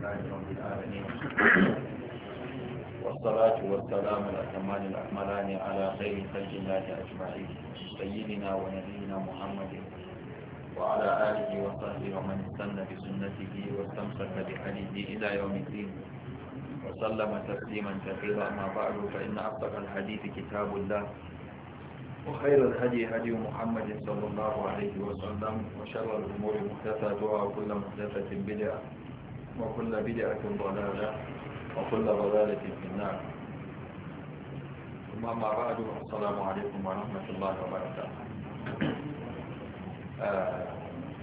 لله رب العالمين والصلاة والسلام الأتمان الأكملان على خير خلق الله أجمعين سيدنا ونبينا محمد وعلى آله وصحبه ومن استنى بسنته واستمسك بحديثه إلى يوم الدين وسلم تسليما كثيرا أما بعد فإن أصدق الحديث كتاب الله وخير الهدي هدي محمد صلى الله عليه وسلم وشر الأمور محدثاتها وكل محدثة بدعة وكل بدعة ضلالة وكل ضلالة في النار ثم ما بعد السلام عليكم ورحمة الله وبركاته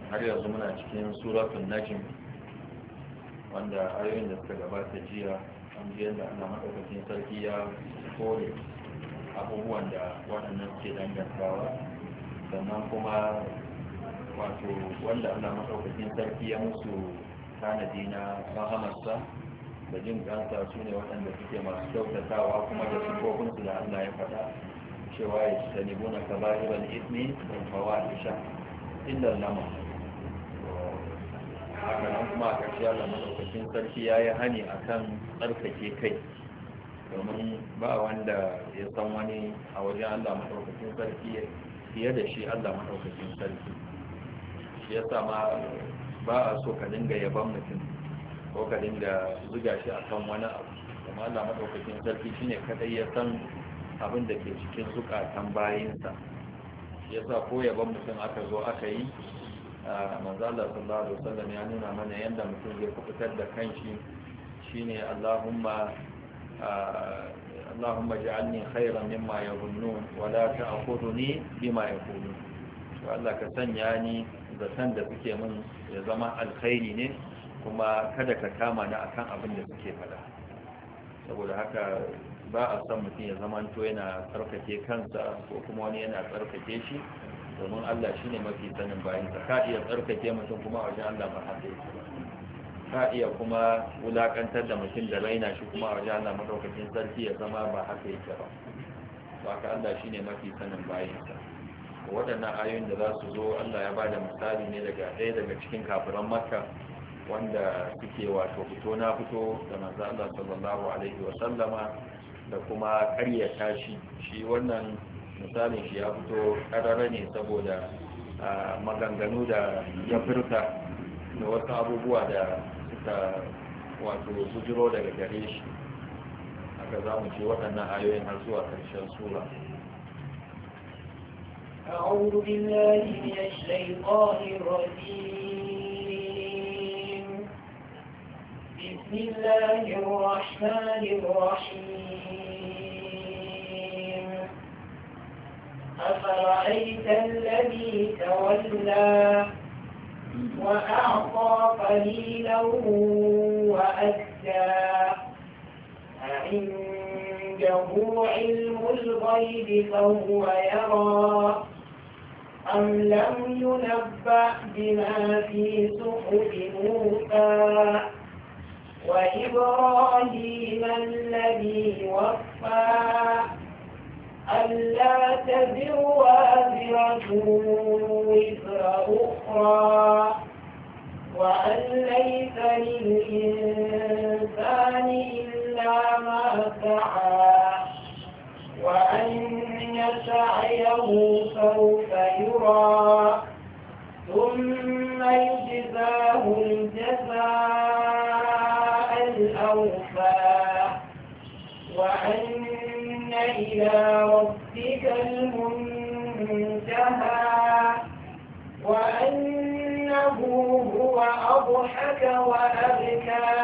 har yanzu muna cikin suratun najim wanda ayoyin da suka gabata jiya an ji yadda ana maɗaukakin sarki ya kore abubuwan da dangantawa sannan kuma wato wanda ana masaukacin sarki ya musu tanadi na rahamarsa da jin ganta su ne waɗanda suke masu kyautatawa kuma da sifofinsu da Allah ya faɗa cewa ya ci ka na iban ismi da fawa isha inda lama haka nan kuma a ƙarshe Allah madaukakin sarki ya yi hani a kan tsarkake kai domin ba wanda ya san wani a wajen Allah maɗaukacin sarki fiye da shi Allah maɗaukacin sarki shi ya sama ba a so ka dinga yaban mutum ko ka dinga zuga shi a kan wani abu kuma Allah maɗaukakin sarki shine kaɗai ya san abin da ke cikin zukatan bayinsa ya sa ko yaban mutum aka zo aka yi manzala sallallahu alaihi wasallam ya nuna mana yanda mutum zai fitar da kanshi shine Allahumma Allahumma ja'alni khayran mimma yazunnun wa la ta'khudhni bima yaqulun to Allah ka sanya ni zaton da suke min ya zama alkhairi ne kuma kada ka kama ni akan abin da suke faɗa saboda haka ba a san mutum ya zama to yana tsarkake kansa ko kuma wani yana tsarkake shi domin Allah shi ne mafi sanin bayansa ka iya tsarkake mutum kuma a wajen Allah ba haɗe ka iya kuma wulaƙantar da mutum da raina shi kuma a wajen Allah maɗaukakin sarki ya zama ba haka yake ba ba ka Allah shi ne mafi sanin bayansa waɗannan ayoyin da za su zo Allah ya bada misali ne daga ɗaya daga cikin kafiran makka wanda suke wato fito na fito da manzo Allah sallallahu alaihi wa sallama da kuma ƙarya tashi shi wannan misalin shi ya fito ƙarara ne saboda maganganu da ya furta da wasu abubuwa da suka wato bujiro daga gare shi haka za mu ce waɗannan ayoyin har zuwa ƙarshen sura أعوذ بالله من الشيطان الرجيم بسم الله الرحمن الرحيم أفرأيت الذي تولى وأعطى قليلا وأكدى أعنده علم الغيب فهو يرى أم لم ينبأ بما في صحف موسى وإبراهيم الذي وفى ألا تذر وازرة وزر أخرى وأن ليس للإنسان إلا ما سعى وأن سعيه سوف يرى ثم يجزاه الجزاء الأوفى وأن إلى ربك المنتهى وأنه هو أضحك وأبكى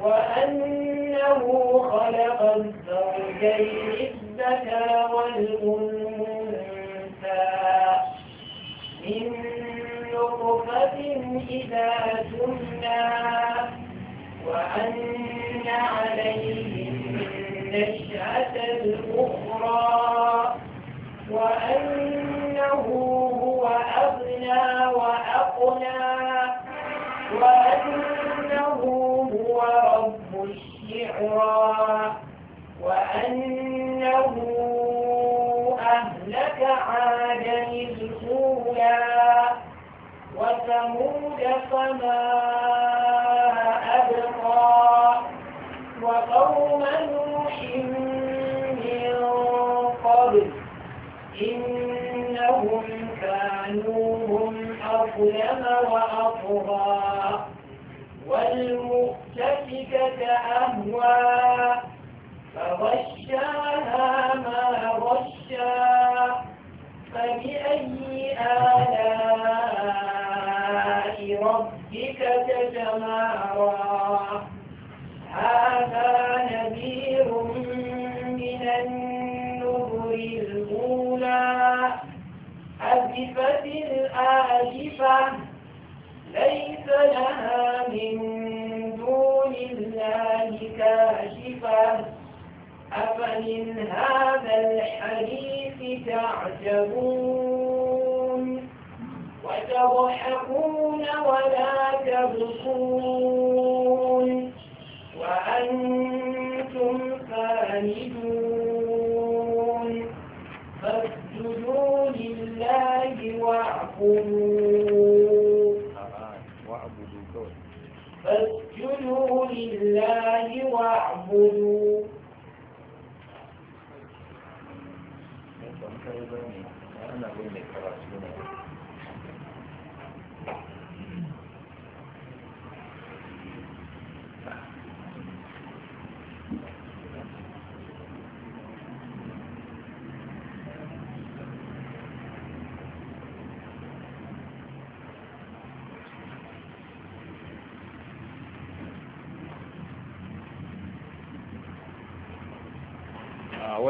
وأنه خلق الزوجين الذكر والأنثى من نطفة إذا تمنى وأن عليه النشأة الأخرى وأن وأنه أهلك عاد الأولى وثمود فما أبقى وقوم نوح من قبل إنهم كانوا هم أظلم وأطغى والمؤتفكة أهوى فغشاها ما غشى فبأي آلاء ربك تتمارى هذا نذير من النذر الأولى أزفت الآلفة ليس لها من دون الله كاشفة أفمن هذا الحديث تعجبون وتضحكون ولا تبصون فاعبدوا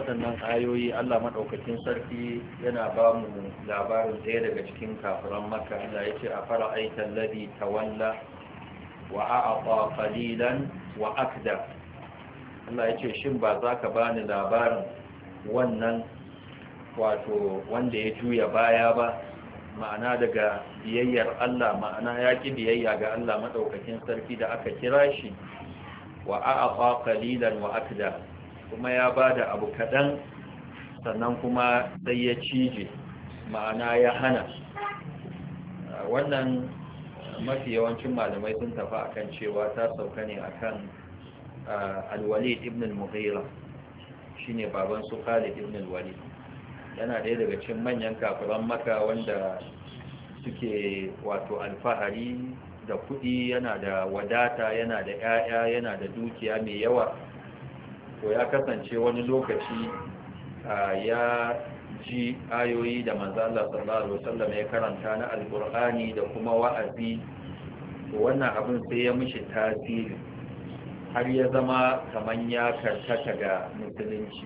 waɗannan ayoyi Allah maɗaukacin sarki yana ba mu labarin ɗaya daga cikin kafiran maka Allah ya ce a fara aitan labi tawalla wa a'aqa qalilan wa akda Allah ya ce shi ba za ka bani labarin wannan wato wanda ya juya baya ba ma'ana daga biyayyar Allah ma'ana ya ki biyayya ga Allah maɗaukacin sarki da aka kira shi wa a'aqa qalilan wa akda kuma ya bada abu kaɗan sannan kuma sai ya cije ma'ana ya hana wannan mafi yawancin malamai sun tafi akan cewa ta sauka ne akan alwalid ibn al-mughira shine baban su Khalid ibn al-walid yana ɗaya daga cikin manyan kafiran maka wanda suke wato alfahari da kuɗi yana da wadata yana da 'ya'ya yana da dukiya mai yawa to ya kasance wani lokaci ya ji ayoyi da manzala sallallahu ya karanta na alkur'ani da kuma wa'azi to wannan abin sai ya mishi tasiri har ya zama kamar ya karkata ga musulunci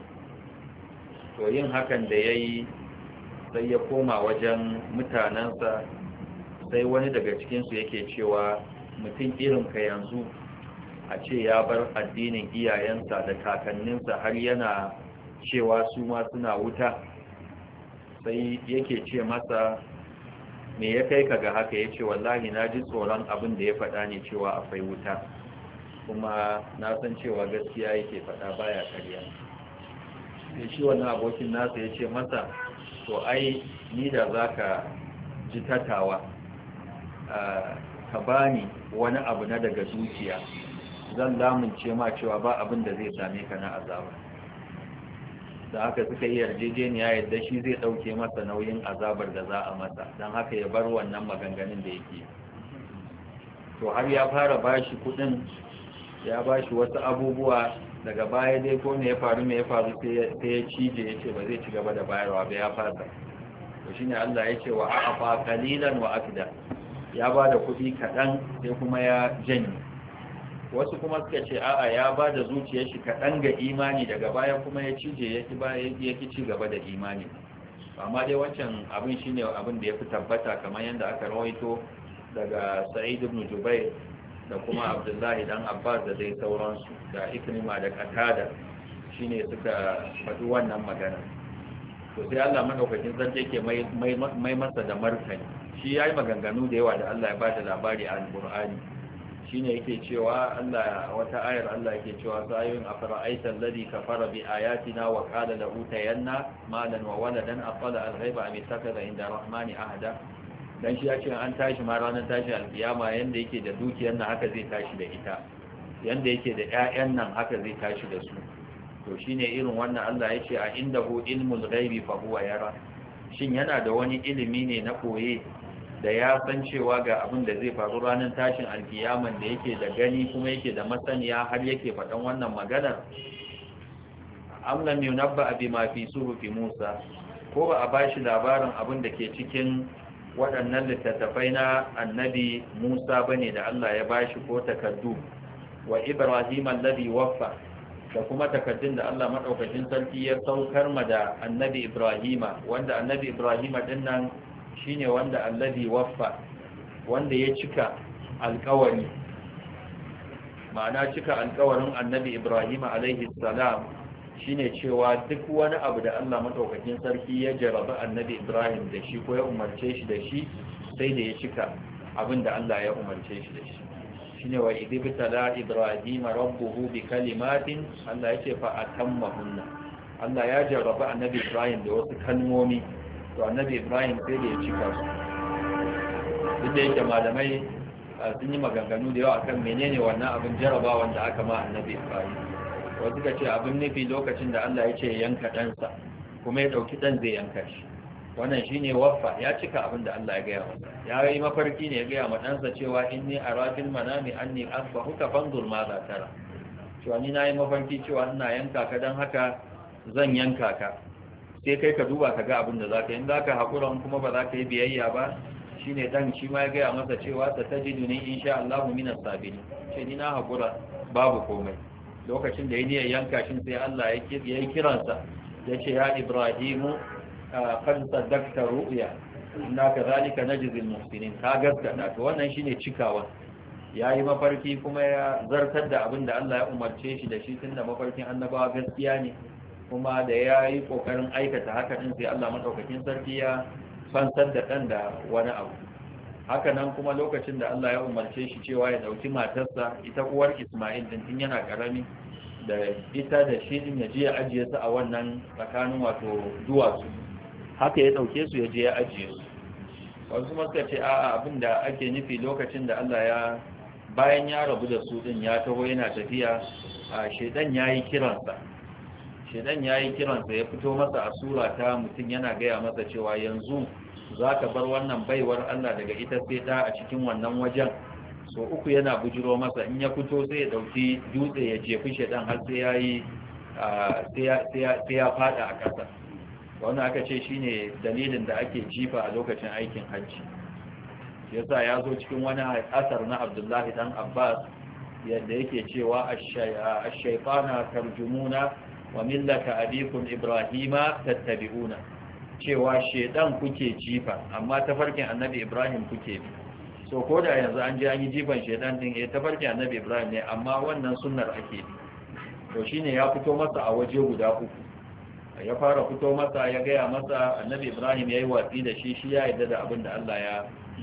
to yin hakan da ya yi sai ya koma wajen mutanensa sai wani daga cikinsu yake cewa mutum irin ka yanzu a ce ya bar addinin iyayensa da kakanninsa har yana cewa su ma suna wuta sai yake ce masa me ya kai ka ga haka ya ce wallahi na ji tsoron abin da ya faɗa ne cewa akwai wuta kuma na san cewa gaskiya yake faɗa baya karya ya shi wannan abokin nasa ya ce masa to ai ni da za ka ji tatawa ka bani wani abu na daga dukiya zan lamunce ma cewa ba abin da zai same ka na azaba da haka suka yi yarjejeniya yadda shi zai ɗauke masa nauyin azabar da za a masa don haka ya bar wannan maganganun da yake to har ya fara bashi kuɗin ya bashi wasu abubuwa daga baya dai ko ne ya faru mai ya faru sai ya cije ya ce ba zai ci gaba da bayarwa ba ya fasa to ne Allah ya ce wa 'Ba kalilan wa afda ya da kuɗi kaɗan sai kuma ya janye wasu kuma suka ce a'a ya ba da zuciyar shi kaɗan ga imani daga baya kuma ya cije ya ki ci gaba da imani amma dai wancan abin shi ne abin da ya fi tabbata kamar yadda aka rawaito daga sa'id ibn jubair da kuma abdullahi dan abbas da dai sauransu da ikrima da katada shine suka faɗi wannan magana to sai Allah madaukakin sarki yake mai masa da martani shi ya yi maganganu da yawa da Allah ya ba da labari a alqur'ani shine yake cewa Allah wata ayar Allah yake cewa sayyun afara'aita alladhi kafara bi ayatina wa qala lahu tayanna malan wa waladan aqala al-ghaiba am yatakada inda rahmani ahada dan shi yace an tashi ma ranar tashi alkiyama yanda yake da dukiyar nan haka zai tashi da ita yanda yake da ƴaƴan nan haka zai tashi da su to shine irin wannan Allah yace a inda ilmul ghaibi fa huwa yara shin yana da wani ilimi ne na koye da ya san cewa ga abin da zai faru ranar tashin alkiyaman da yake da gani kuma yake da masaniya har yake faɗan wannan maganar amlan yunabba abi ma fi musa ko ba a bashi labarin abin da ke cikin waɗannan littattafai na annabi musa bane da Allah ya bashi ko takaddu wa ibrahim alladhi waffa da kuma takaddun da Allah maɗaukacin sarki ya saukar ma da annabi ibrahima wanda annabi ibrahima dinnan shine wanda alladhi waffa wanda ya cika alkawari ma'ana cika alkawarin annabi Ibrahim alaihi salam shine cewa duk wani abu da Allah madaukakin sarki ya jarabi annabi Ibrahim da shi ko ya umarce shi da shi sai da ya cika abin da Allah ya umarce shi da shi shine wa idibtala Ibrahim rabbuhu bi kalimatin Allah yake fa hunna Allah ya jarabi annabi Ibrahim da wasu kalmomi to annabi ibrahim sai da ya cika su duk da yake malamai sun yi maganganu da yawa akan menene wannan abin jarabawan da aka ma annabi ibrahim wasu ka ce abin nufi lokacin da allah ya ce yanka ɗansa kuma ya ɗauki ɗan zai yanka shi wannan shine waffa ya cika abin da Allah ya gaya masa ya yi mafarki ne ya gaya ma ɗansa cewa in ni inni arafil manami Asba huka fanzur ma za tara cewa ni na yi mafarki cewa ina yanka ka don haka zan yanka ka sai kai ka duba ka ga abin da za ka yi in za ka haƙura kuma ba za ka yi biyayya ba shi ne dan shi ma ya gaya masa cewa ta ta jidu ne in sha Allah sabi ne ce ni na haƙura babu komai lokacin da ya niyan yanka shi sai Allah ya yi kiransa ya ce ya Ibrahimu kan saddakta ru'ya inna ka zalika najzil muhsinin ka gaskata to wannan shine cikawa Ya yi mafarki kuma ya zartar da abin da Allah ya umarce shi da shi tunda mafarkin annabawa gaskiya ne kuma da ya yi ƙoƙarin aikata haka ɗin sai Allah maɗaukakin sarki ya fansar da ɗan da wani abu haka nan kuma lokacin da Allah ya umarce shi cewa ya ɗauki matarsa ita uwar Ismail din tun yana ƙarami da ita da shi din ya je ya ajiye su a wannan tsakanin wato duwatsu haka ya ɗauke su ya je ya ajiye su wasu kuma suka ce a'a abin da ake nufi lokacin da Allah ya bayan ya rabu da su din ya taho yana tafiya a shedan ya yi kiransa shedan ya yi kiransa ya fito masa a sura ta mutum yana gaya masa cewa yanzu za ka bar wannan baiwar Allah daga ita sai ta a cikin wannan wajen so uku yana bujiro masa in ya fito sai ya dauki dutse ya jefi shedan har sai ya yi sai ya fada a ƙasa wannan aka ce shine dalilin da ake jifa a lokacin aikin hajji yasa ya zo cikin wani asar na abdullahi dan abbas yadda yake cewa ash-shaytana tarjumuna wa millata abikum ibrahima tattabi'una cewa shedan kuke jifa amma tafarkin annabi ibrahim kuke bi so koda yanzu an ji an yi jifan shedan din eh tafarkin annabi ibrahim ne amma wannan sunnar ake bi to shine ya fito masa a waje guda uku ya fara fito masa ya gaya masa annabi ibrahim ya yi watsi da shi shi ya yarda da abin da allah ya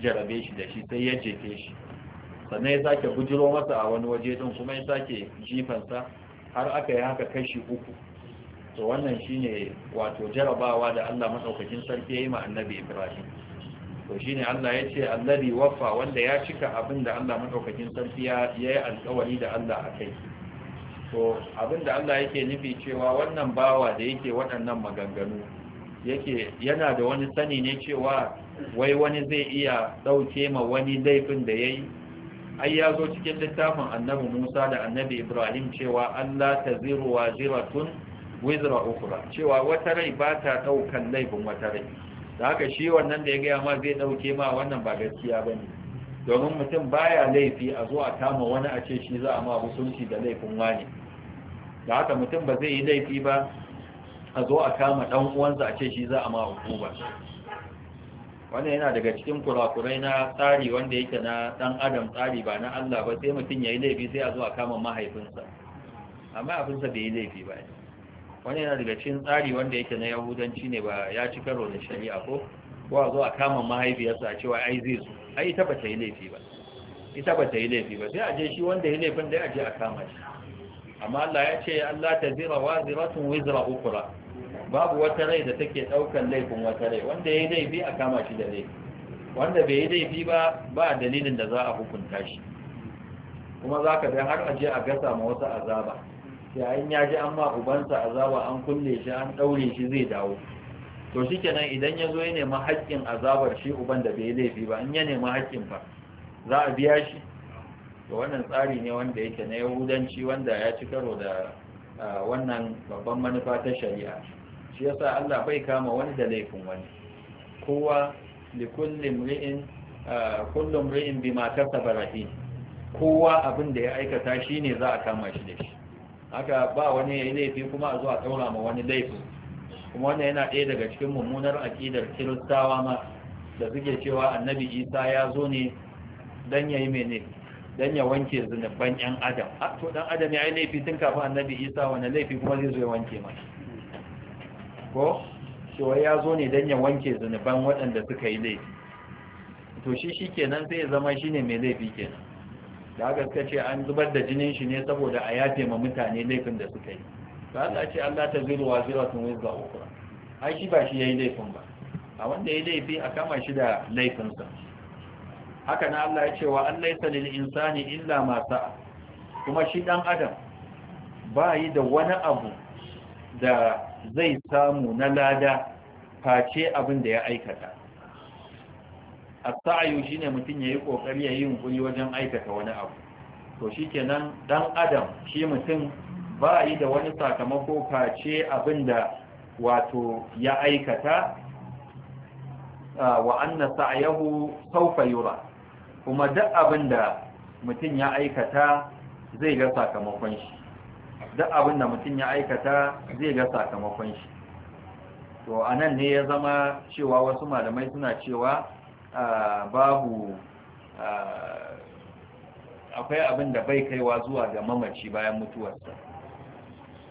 jarabe shi da shi sai ya jefe shi sannan ya sake bujiro masa a wani waje din kuma ya sake jifansa har aka yi haka kashi uku to wannan shine wato jarabawa da Allah madaukakin sarki ya yi ma annabi Ibrahim to shine Allah ya ce allazi waffa wanda ya cika abinda da Allah madaukakin sarki ya yi alƙawari da Allah akai to abin Allah yake nufi cewa wannan bawa da yake waɗannan maganganu yake yana da wani sani ne cewa wai wani zai iya ɗauke ma wani laifin da yayi ai ya zo cikin littafin annabi Musa da annabi Ibrahim cewa Allah ta ziru wa ziratun wizra ukura cewa wata rai ba ta ɗaukan laifin wata rai da haka shi wannan da ya gaya ma zai ɗauke ma wannan ba gaskiya ba ne domin mutum baya laifi a zo a kama wani a ce shi za a ma hukunci da laifin wani da haka mutum ba zai yi laifi ba a zo a kama ɗan uwansa a ce shi za a ma hukuma wannan yana daga cikin kurakurai na tsari wanda yake na dan adam tsari ba na Allah ba sai mutum yayi laifi sai a zo a kama mahaifinsa amma abinsa bai yi laifi ba wannan yana daga cikin tsari wanda yake na yahudanci ne ba ya ci karo da shari'a ko ko a zo a kama mahaifiyarsa a cewa ai zai su ai ita ba ta yi laifi ba ita ba ta yi laifi ba sai a je shi wanda ya laifin dai a je a kama shi amma Allah ya ce Allah ta zira wa ziratun wizra ukura babu wata rai da take ɗaukan laifin wata rai wanda ya yi laifi a kama shi da rai, wanda bai yi laifi ba ba dalilin da za a hukunta shi kuma zaka ka ga har aje a gasa ma wasu azaba yayin ya ji an ubansa azaba an kulle shi an ɗaure shi zai dawo to shi kenan idan yazo ya nemi haƙƙin azabar shi uban da bai laifi ba in ya nemi haƙƙin fa za a biya shi to wannan tsari ne wanda yake na yahudanci wanda ya ci karo da ah, wannan babban manufa ta shari'a shi yasa Allah bai kama wani da laifin wani kowa li kullum ri'in kullum ri'in bima kasaba rahin kowa abin da ya aikata shine za a kama shi da shi haka ba wani yayi laifi kuma a zo a daura ma wani laifi kuma wannan yana ɗaya daga cikin mummunar aqidar kiristawa ma da suke cewa annabi Isa ya zo ne dan yayi mene dan ya wanke zunuban yan adam to dan adam ya yi laifi tun kafin annabi Isa wani laifi kuma zai zo ya wanke masa ko cewa ya zo ne don ya wanke zunuban waɗanda suka yi laifi to shi shi kenan sai ya zama shi ne mai laifi kenan da aka suka ce an zubar da jinin shi ne saboda a yafe ma mutane laifin da suka yi ba Allah ce Allah ta zuru wa zira sun wuzga ukura ai shi ba shi ya yi laifin ba a wanda ya laifi a kama shi da laifinsa haka na Allah ya ce wa an laisa lil insani illa ma sa'a kuma shi dan adam ba yi da wani abu da zai samu na lada face abin da ya aikata a sa'ayu shi ne mutum ya yi ƙoƙari ya yi yunkuri wajen aikata wani abu to shi kenan ɗan adam shi mutum ba yi da wani sakamako face abin da wato ya aikata wa anna sa'ayahu sawfa yura kuma duk abin da mutum ya aikata zai ga sakamakon shi duk abin da mutum ya aikata zai ga sakamakon shi to a nan ne ya zama cewa wasu malamai suna cewa babu akwai abin da bai kaiwa zuwa ga mamaci bayan mutuwarsa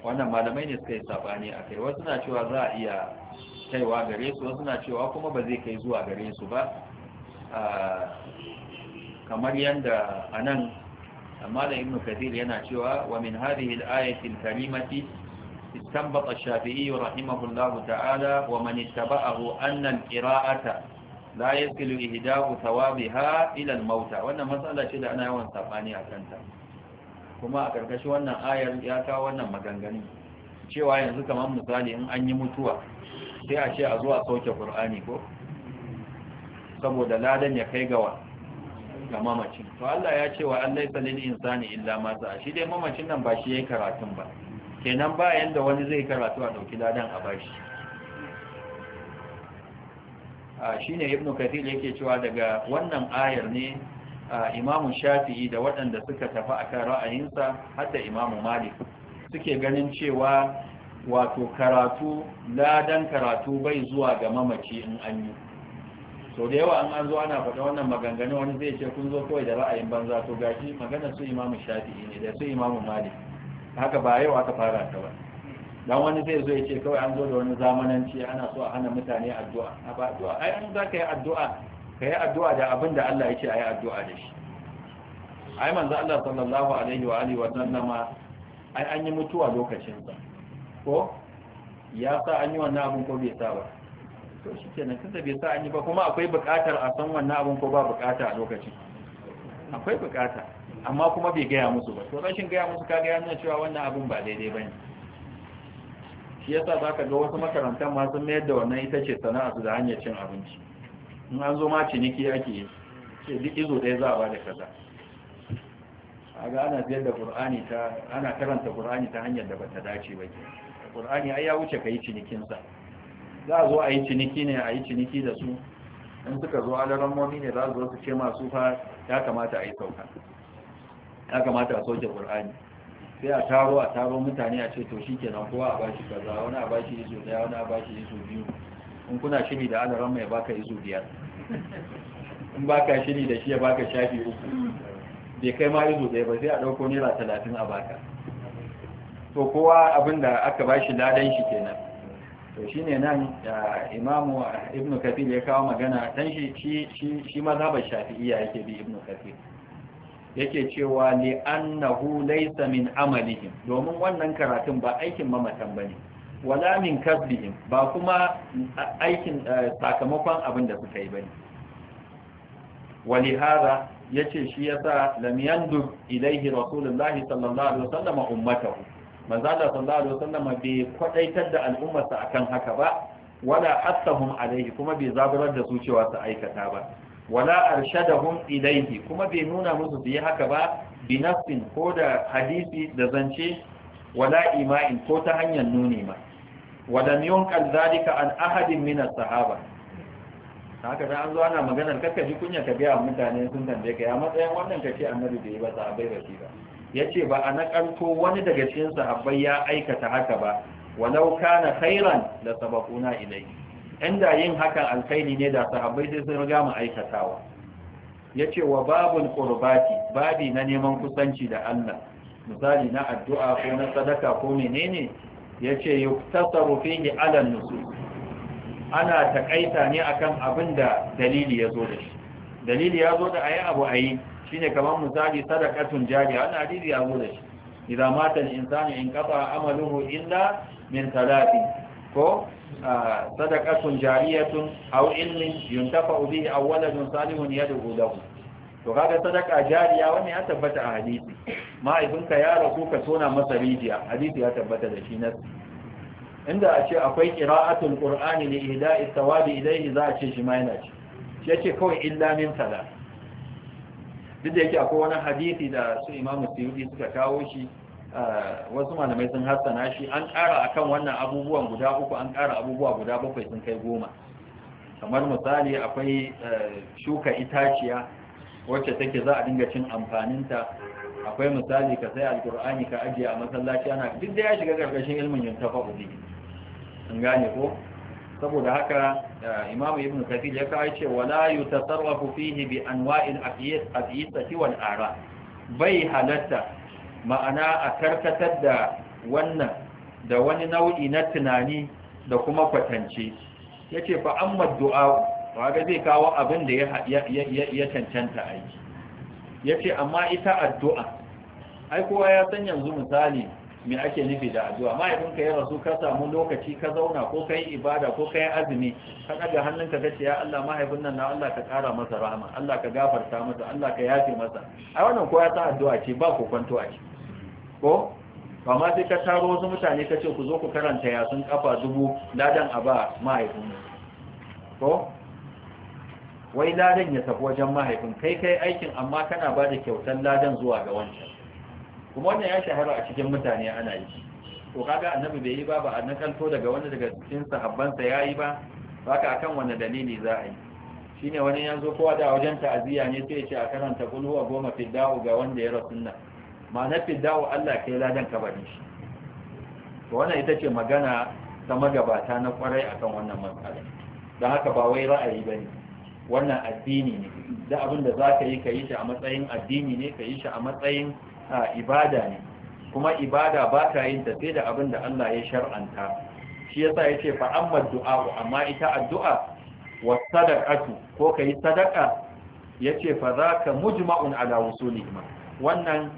wannan malamai ne suka yi sabani a kai wasu na cewa za a iya kaiwa gare su wasu na cewa kuma ba zai kai zuwa gare su ba kamar yadda a nan amma da ibn kathir yana cewa wa min hadhihi al-ayati al-karimati istanbata ash-shafi'i rahimahullahu ta'ala wa man ittaba'ahu anna al-qira'ata la yasilu ihda'u thawabiha ila al-maut wannan matsala ce da ana yawan sabani a kanta kuma a karkashin wannan ayar ya kawo wannan maganganu cewa yanzu kaman misali in an yi mutuwa sai a ce a zo a sauke kur'ani ko saboda ladan ya kai gawa. ga mamacin to Allah ya ce wa Allah ya lil insani illa ma sa shi dai mamacin nan ba shi yayi karatun ba kenan ba yanda wani zai karatu a dauki ladan a bashi a shine ibnu kathir yake cewa daga wannan ayar ne imam shafi'i da waɗanda suka tafi akan ra'ayinsa har da imam malik suke ganin cewa wato karatu ladan karatu bai zuwa ga mamaci in an yi so da yawa an zo ana faɗa wannan maganganu wani zai ce kun zo kawai da ra'ayin banza to gashi magana su imamu shafi'i ne da su imamu malik haka ba yau aka fara ta ba dan wani zai zo ya ce kawai an zo da wani zamananci ana so a hana mutane addu'a a ba addu'a ai an za ka yi addu'a ka yi addu'a da abin da Allah ya ce a yi addu'a da shi ai manzo Allah sallallahu alaihi wa alihi wa sallama ai an yi mutuwa lokacin sa ko ya sa an yi wannan abin ko bai sa ba to shi kenan da bai sa an yi ba kuma akwai buƙatar a san wannan abin ko ba buƙata a lokacin akwai buƙata amma kuma bai gaya musu ba to rashin gaya musu kaga gaya nuna cewa wannan abin ba daidai bane shi yasa za ka ga wasu makarantar ma sun mayar da wannan ita ce sana'a su da hanyar cin abinci in an zo ma ciniki ake yi ce duk izo ɗaya za a ba da kaza a ga ana biyar da qur'ani ta ana karanta qur'ani ta hanyar da bata dace ba ke qur'ani ai ya wuce ka yi cinikinsa za a zo a yi ciniki ne a yi ciniki da su in suka zo alaran momi ne za su zo su ce masu fa ya kamata a yi sauka ya kamata a soke ƙur'ani sai a taro a taro mutane a ce to shi kenan kowa a bashi kaza wani a bashi iso daya wani a bashi iso biyu in kuna shiri da alaran mai baka iso biyar in baka shiri da shi ya baka shafi uku bai kai ma iso daya ba sai a ɗauko naira talatin a baka to kowa abin da aka bashi ladan shi kenan to ne nan imamu ibnu kathir ya kawo magana dan shi shi shi mazhabar shafi'iyya yake bi ibnu kathir yake cewa li annahu laysa min amalihim domin wannan karatun ba aikin mamatan bane wala min kasbihim ba kuma aikin eh, sakamakon abin da suka yi bane wali hada yace shi yasa lam yandur ilaihi rasulullahi sallallahu alaihi wasallam ummatahu manzo Allah sallallahu alaihi wasallam bai kwadaitar da al'ummarsa akan haka ba wala hattahum alaihi kuma bai zaburar da su cewa su aikata ba wala arshadahum ilaihi kuma bai nuna musu su yi haka ba bi ko da hadisi da zance wala ima'in ko ta hanyar nuni ma wala yunqal zalika an ahadin min as-sahaba haka da an zo ana maganar kakkaji kunya ka biya mutane sun tambaye ka ya matsayin wannan kace annabi bai ba sahabbai ba shi ba ya ce ba a naƙarto wani daga cikin sahabbai ya aikata haka ba walau kana khairan da sabakuna ilai inda yin hakan alkhairi ne da sahabbai sai sun riga mu aikatawa ya ce wa babul qurbati babi na neman kusanci da Allah misali na addu'a ko na sadaka ko menene ya ce yuktasaru fihi ala nusus ana takaita ne akan abin da dalili ya zo da shi dalili ya zo da ayi abu ayi ne kamar misali sadaqatun jariya Wani hadisi ya zo da shi idza mata al in kafa amaluhu illa min talatin ko ah, sadaqatun jariyatun aw ilmin yuntafa'u bihi aw waladun salihun yad'u lahu to kaga sadaka jariya wani ya tabbata a hadisi mahaifinka ya rasu ka tona masa rijiya hadisi ya tabbata da shi na inda a ce akwai qira'atul qur'ani li ihda'i thawabi ilayhi za a ce shi ma yana ci ce kawai illa min salat duk da yake akwai wani hadisi da su imamu suyuti suka kawo shi wasu malamai sun hassana shi an ƙara kan wannan abubuwan guda uku an kara abubuwa guda bakwai sun kai goma kamar misali akwai shuka itaciya wacce take za a dinga cin amfaninta akwai misali ka sai alkur'ani ka ajiye a masallaci ana duk da ya shiga ƙarƙashin ilmin yin tafa uzi in gane ko saboda haka imam ibn kathir ya kawo cewa la yutasarrafu fihi bi anwa'il afiyati wal ara bai halatta ma'ana a karkatar da wannan da wani nau'i na tunani da kuma kwatance yace fa amma du'a kaga zai kawo abin da ya cancanta aiki yace amma ita addu'a ai kowa ya san yanzu misali me ake nufi da addu'a mahaifinka ya rasu ka samu lokaci ka zauna ko kai ibada ko kai azumi ka daga hannunka ka ce ya Allah mahaifin nan na Allah ka kara masa rahama Allah ka gafarta masa Allah ka yafe masa ai wannan ko ya ta addu'a ce ba ku kwanto a ce ko ba ma sai ka taro wasu mutane ka ce ku zo ku karanta sun kafa dubu ladan a ba mahaifin ko wai ladan ya tafi wajen mahaifin kai kai aikin amma kana ba da kyautar ladan zuwa ga wancan kuma wannan ya shahara a cikin mutane ana yi to kaga annabi bai yi ba ba annan kanto daga wani daga cikin sahabban ya yayi ba ka akan wani dalili za a yi shine wani ya zo kowa da wajen ta'aziyya ne sai ya ce a karanta kulhuwa goma da'u ga wanda ya rasu nan ma'anar da'u Allah kai ladan bari shi to wannan ita ce magana ta magabata na kwarai akan wannan matsala don haka ba wai ra'ayi bane wannan addini ne da abin da za ka yi ka yi shi a matsayin addini ne ka yi shi a matsayin A ibada ne kuma ibada ba ta yin ta sai da abin da Allah ya shar'anta shi yasa ya fa amma du'a amma ita addu'a was sadaqatu ko kai sadaqa yace fa za ka mujma'un ala wusulihima wannan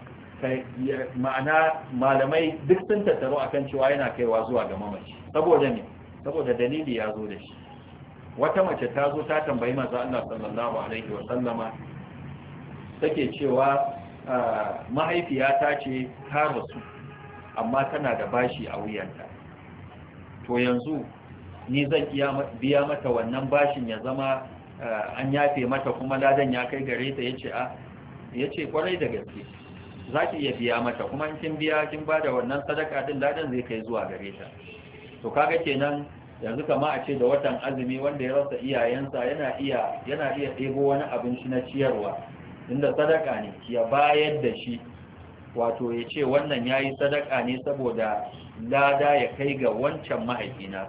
ma'ana malamai duk sun tattaro akan cewa yana kaiwa zuwa ga mamaci saboda ne saboda dalili ya zo da shi wata mace ta zo ta tambayi manzo Allah sallallahu alaihi wa sallama take cewa mahaifiyata ce ta rasu amma tana da bashi a wuyanta to yanzu ni zan iya biya mata wannan bashin ya zama an yafe mata kuma ladan ya kai gare ta yace a ah, yace kwarai da gaske zaki iya biya mata kuma in kin biya kin ba da wannan sadaka din ladan zai kai zuwa gare ta to kaga kenan yanzu kama a ce da watan azumi wanda ya rasa iyayensa yana iya yana iya ɗebo wani abinci na ciyarwa inda sadaka ne ya bayar da shi wato ya ce wannan ya yi sadaka ne saboda lada ya kai ga wancan mahaifina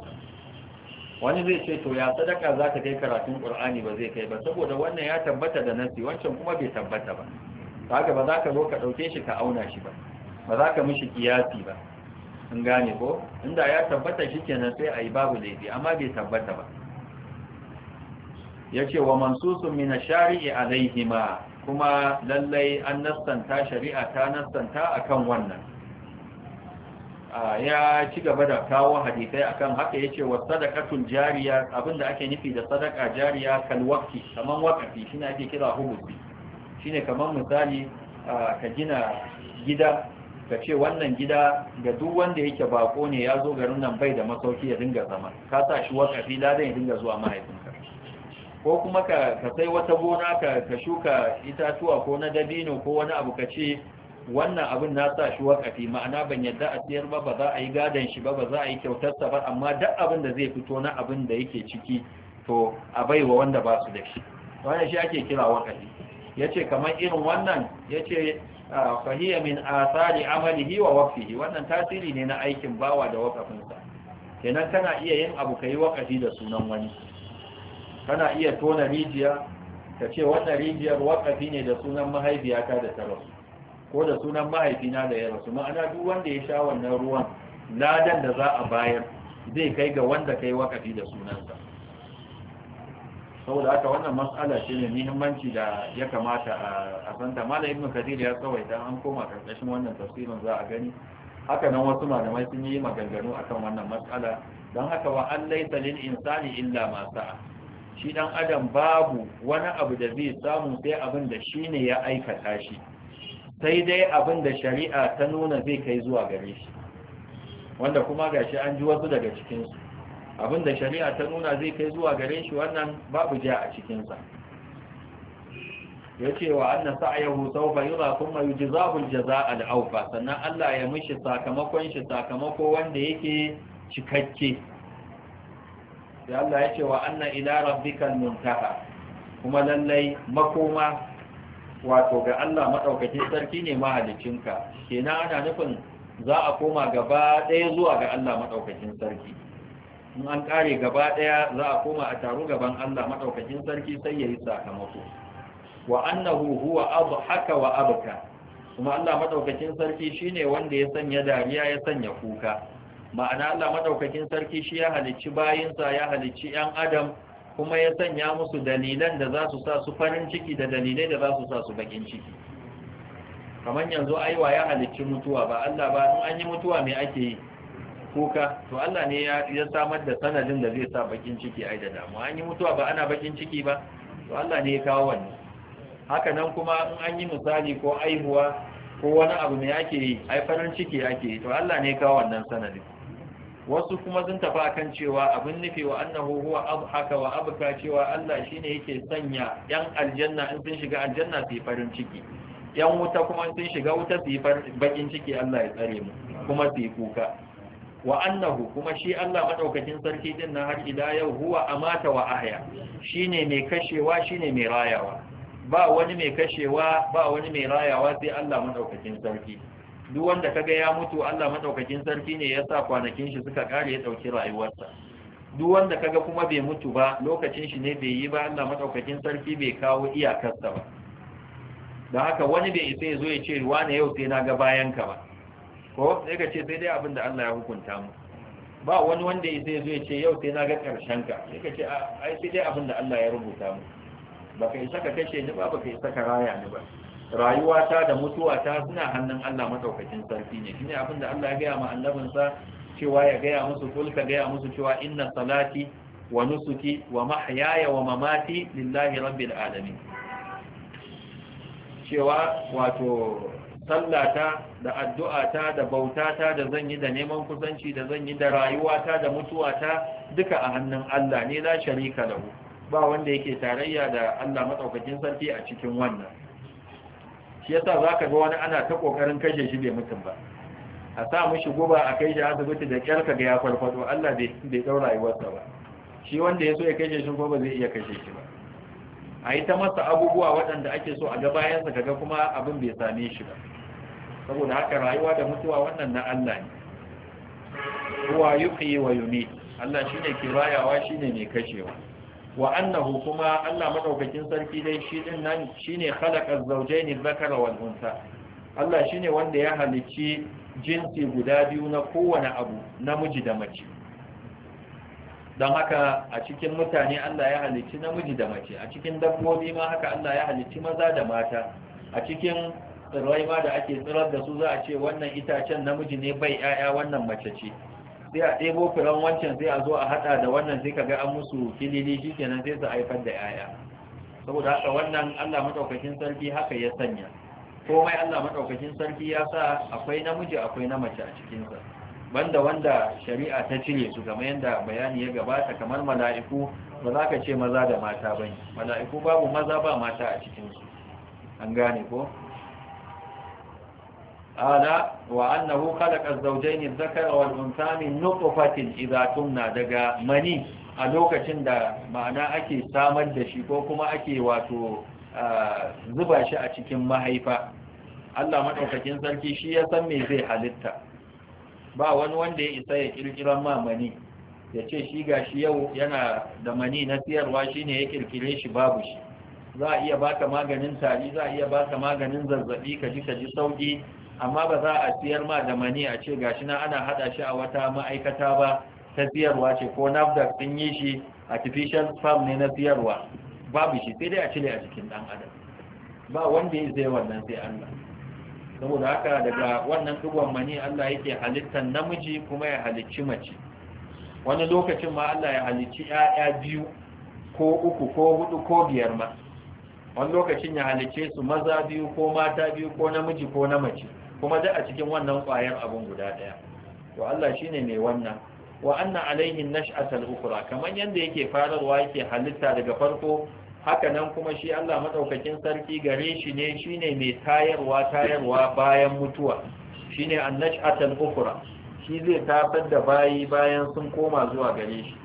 wani zai ce to ya sadaka za ta kai karatun ƙur'ani ba zai kai ba saboda wannan ya tabbata da nasi wancan kuma bai tabbata ba haka ba za ka zo ka ɗauke shi ka auna shi ba ba za ka mishi kiyasi ba in gane ko inda ya tabbata shi kenan sai a yi babu laifi amma bai tabbata ba ya ce wa mansusun mina shari'i alaihima kuma lallai an nastanta shari'a ta nasanta akan wannan ya ci gaba da kawo hadisai akan haka yace wa sadaqatul jariya abinda ake nufi da sadaka jariya kal waqti kaman waqti shine ake kira hububi shine kaman misali ka gina gida ka ce wannan gida ga duk wanda yake bako ne ya zo garin nan bai da masauki ya dinga zama ka sa shi wakafi ladan ya dinga zuwa mahaifinka ko kuma ka sai wata gona ka shuka itatuwa ko na dabino ko wani abu ka ce wannan abin na sa shi wakafi ma'ana ban yadda a siyar ba ba za a yi gadon shi ba ba za a yi kyautarsa ba amma duk abin da zai fito na abin da yake ciki to a baiwa wanda ba su da shi wannan shi ake kira wakafi yace kamar irin wannan yace ah, fahiyya min asali amalihi wa waqfihi wannan tasiri ne na aikin bawa da wakafinsa kenan kana iya yin abu kai wakafi da sunan wani kana iya tona rijiya ka ce wannan rijiyar wakafi ne da sunan mahaifiyata da ta rasu ko da sunan mahaifina da ya rasu ma'ana duk wanda ya sha wannan ruwan ladan da za a bayar zai kai ga wanda kai wakafi da sunansa saboda haka wannan mas'ala ce ne muhimmanci da ya kamata a santa mala ibn kadir ya tsawaita an koma karkashin wannan tafsirin za a gani haka nan wasu malamai sun yi maganganu akan wannan matsala. don haka wa an laisa lil insani illa ma sa'a shi dan adam babu wani abu da zai samu sai abin da shi ne ya aikata shi sai dai abin da shari'a ta nuna zai kai zuwa gare shi wanda kuma gashi an ji wasu daga cikinsu abin da shari'a ta nuna zai kai zuwa gare shi wannan babu ja a cikinsa ya ce wa annan sa'ayahu saufa yura kuma yujzahu aljaza al'awfa sannan Allah ya mishi sakamakon shi sakamako wanda yake cikakke sai Allah ya ce wa anna ila rabbikal muntaha kuma lallai makoma wato ga Allah madaukakin sarki ne mahaliccinka kenan ana nufin za a koma gaba ɗaya zuwa ga Allah madaukakin sarki in an kare gaba ɗaya za a koma a taru gaban Allah madaukakin sarki sai yayi sakamako wa annahu huwa adhaka wa abka kuma Allah madaukakin sarki shine wanda ya sanya dariya ya sanya kuka ma'ana Allah madaukakin sarki shi ya halicci bayinsa ya halicci yan adam kuma ya sanya musu dalilan da za su sa su farin ciki da dalilai da za su sa su bakin ciki kamar yanzu aiwa ya halicci mutuwa ba Allah ba in an yi mutuwa me ake yi kuka to Allah ne ya samar da sanadin da zai sa bakin ciki ai da damu an yi mutuwa ba ana bakin ciki ba to Allah ne ya kawo wannan haka nan kuma in an yi misali ko aihuwa ko wani abu mai ake yi ai farin ciki ake yi to Allah ne ya kawo wannan sanadin wasu kuma sun tafi akan cewa abin nufi wa annahu huwa abhaka wa abka cewa Allah shine yake sanya yan aljanna in sun shiga aljanna su farin ciki yan wuta kuma sun shiga wuta su bakin ciki Allah ya tsare mu kuma su kuka wa annahu kuma shi Allah madaukakin sarki din na har ila yau huwa amata wa ahya shine mai kashewa shine mai rayawa ba wani mai kashewa ba wani mai rayawa sai Allah madaukakin sarki duk wanda kaga ya mutu Allah madaukakin sarki ne ya sa kwanakin shi suka kare ya dauki rayuwarsa duk wanda kaga kuma bai mutu ba lokacin shi ne bai yi ba Allah madaukakin sarki bai kawo iyakarsa ba don haka wani bai isa ya zo ya ce ne yau sai na ga bayan ka ba ko sai ka ce sai dai abin da Allah ya hukunta mu ba wani wanda ya isa ya zo ya ce yau sai na ga karshen ka sai ka ce ai sai dai abin da Allah ya rubuta mu baka isa ka kashe ni ba baka isa ka raya ni ba rayuwata da mutuwata suna hannun Allah madaukakin sarki ne shine abin da Allah ya gaya ma annabinsa cewa ya gaya musu kulka gaya musu cewa inna salati wa nusuki wa mahyaya wa mamati lillahi rabbil alamin cewa wato sallata da addu'ata da bautata da zan yi da neman kusanci da zan yi da rayuwata da mutuwata duka a hannun Allah ne la sharika lahu ba wanda yake tarayya da Allah madaukakin sarki a cikin wannan shi yasa za ka ga wani ana ta ƙoƙarin kashe shi bai mutum ba a sa mushi guba a kai shi asibiti da kyarka ka ga ya farfado Allah bai ɗau rayuwarsa ba shi wanda ya so ya kashe shi ko ba zai iya kashe shi ba a yi ta masa abubuwa waɗanda ake so a ga bayansa kaga kuma abin bai same shi ba saboda haka rayuwa da mutuwa wannan na Allah ne ruwa yuhyi wa yumi! Allah shine ke rayawa shine mai kashewa wa annahu kuma Allah madaukakin sarki dai shi din nan shine khalaqa zawjayn dhakara wal unsa Allah shine wanda ya halicci jinsi guda biyu na kowane abu namiji da mace don haka a cikin mutane Allah ya halicci namiji da mace a cikin dabbobi ma haka Allah ya halicci maza da mata a cikin tsirrai ma da ake tsirar da su za a ce wannan itacen namiji ne bai 'ya'ya wannan mace ce sai a ɗebo firan wancan sai a zo a haɗa da wannan sai ka ga an musu filili shi kenan sai su haifar da 'ya'ya saboda haka wannan allah maɗaukakin sarki haka ya sanya komai allah maɗaukacin sarki ya sa akwai namiji akwai na mace a cikinsa banda wanda shari'a ta cire su kamar yadda bayani ya gabata kamar mala'iku ba za ka ce maza da mata ba ne mala'iku babu maza ba mata a cikinsu an gane ko قال وأنه خلق الزوجين الذكر والأنثى من نطفة إذا تمنى دقا مني ألوك samar da shi ko kuma أكي واتو zuba shi a cikin mahaifa Allah maɗaukakin sarki shi ya san me zai halitta ba wani wanda ya isa ya ƙirƙiran ma mani ya ce shi ga shi yau yana da mani na siyarwa shine ya ƙirƙire shi babu shi za a iya baka maganin tari za a iya baka maganin zazzaɓi kaji-kaji ka sauƙi amma ba za a siyar ma da mani a ce gashi na ana hada shi a wata ma'aikata ba ta siyarwa ce ko nafdak sun yi shi artificial sperm ne na siyarwa babu shi sai dai a cire a jikin dan adam ba wanda ya zai wannan sai Allah saboda haka daga wannan dugon mani Allah yake halittar namiji kuma ya halicci mace wani lokacin ma Allah ya halicci 'ya'ya biyu ko uku ko hudu ko biyar ma wani lokacin ya halicce su maza biyu ko mata biyu ko namiji ko na mace kuma da a cikin wannan ƙwayar abin guda ɗaya Wa Allah shine mai wannan wa anna alaihi nash'atal ukhra kaman yanda yake fararwa yake halitta daga farko haka nan kuma shi Allah madaukakin sarki gare shi ne shine mai tayarwa tayarwa bayan mutuwa shine annash'atal ukhra shi zai tafar da bayi bayan sun koma zuwa gare shi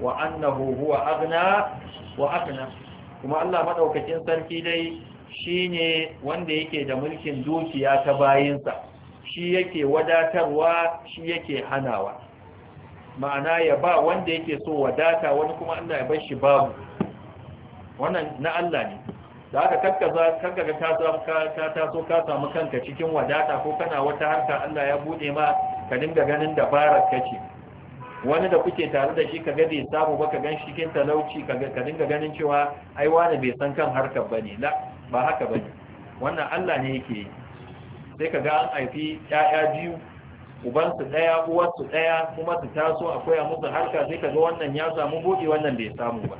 wa annahu huwa aghna wa aghna kuma Allah madaukakin sarki dai Shi ne wanda yake da mulkin dukiya ta bayinsa shi yake wadatarwa shi yake hanawa ma'ana ya ba wanda yake so wadata wani kuma Allah ya bar shi babu wannan na Allah ne da aka kakkaza kakkaga ka samu ka taso ka samu kanka cikin wadata ko kana wata harka Allah ya bude ma ka dinga ganin dabarar kace wani da kuke tare da shi kaga bai samu ba ka ganshi kin talauci kaga ka dinga ganin cewa ai wani bai san kan harkar bane la ba haka ba ne wannan Allah ne yake yi sai ka ga an haifi ƴaƴa biyu ubansu ɗaya uwarsu ɗaya kuma su taso a koya musu harka sai ka ga wannan ya samu buɗe wannan bai samu ba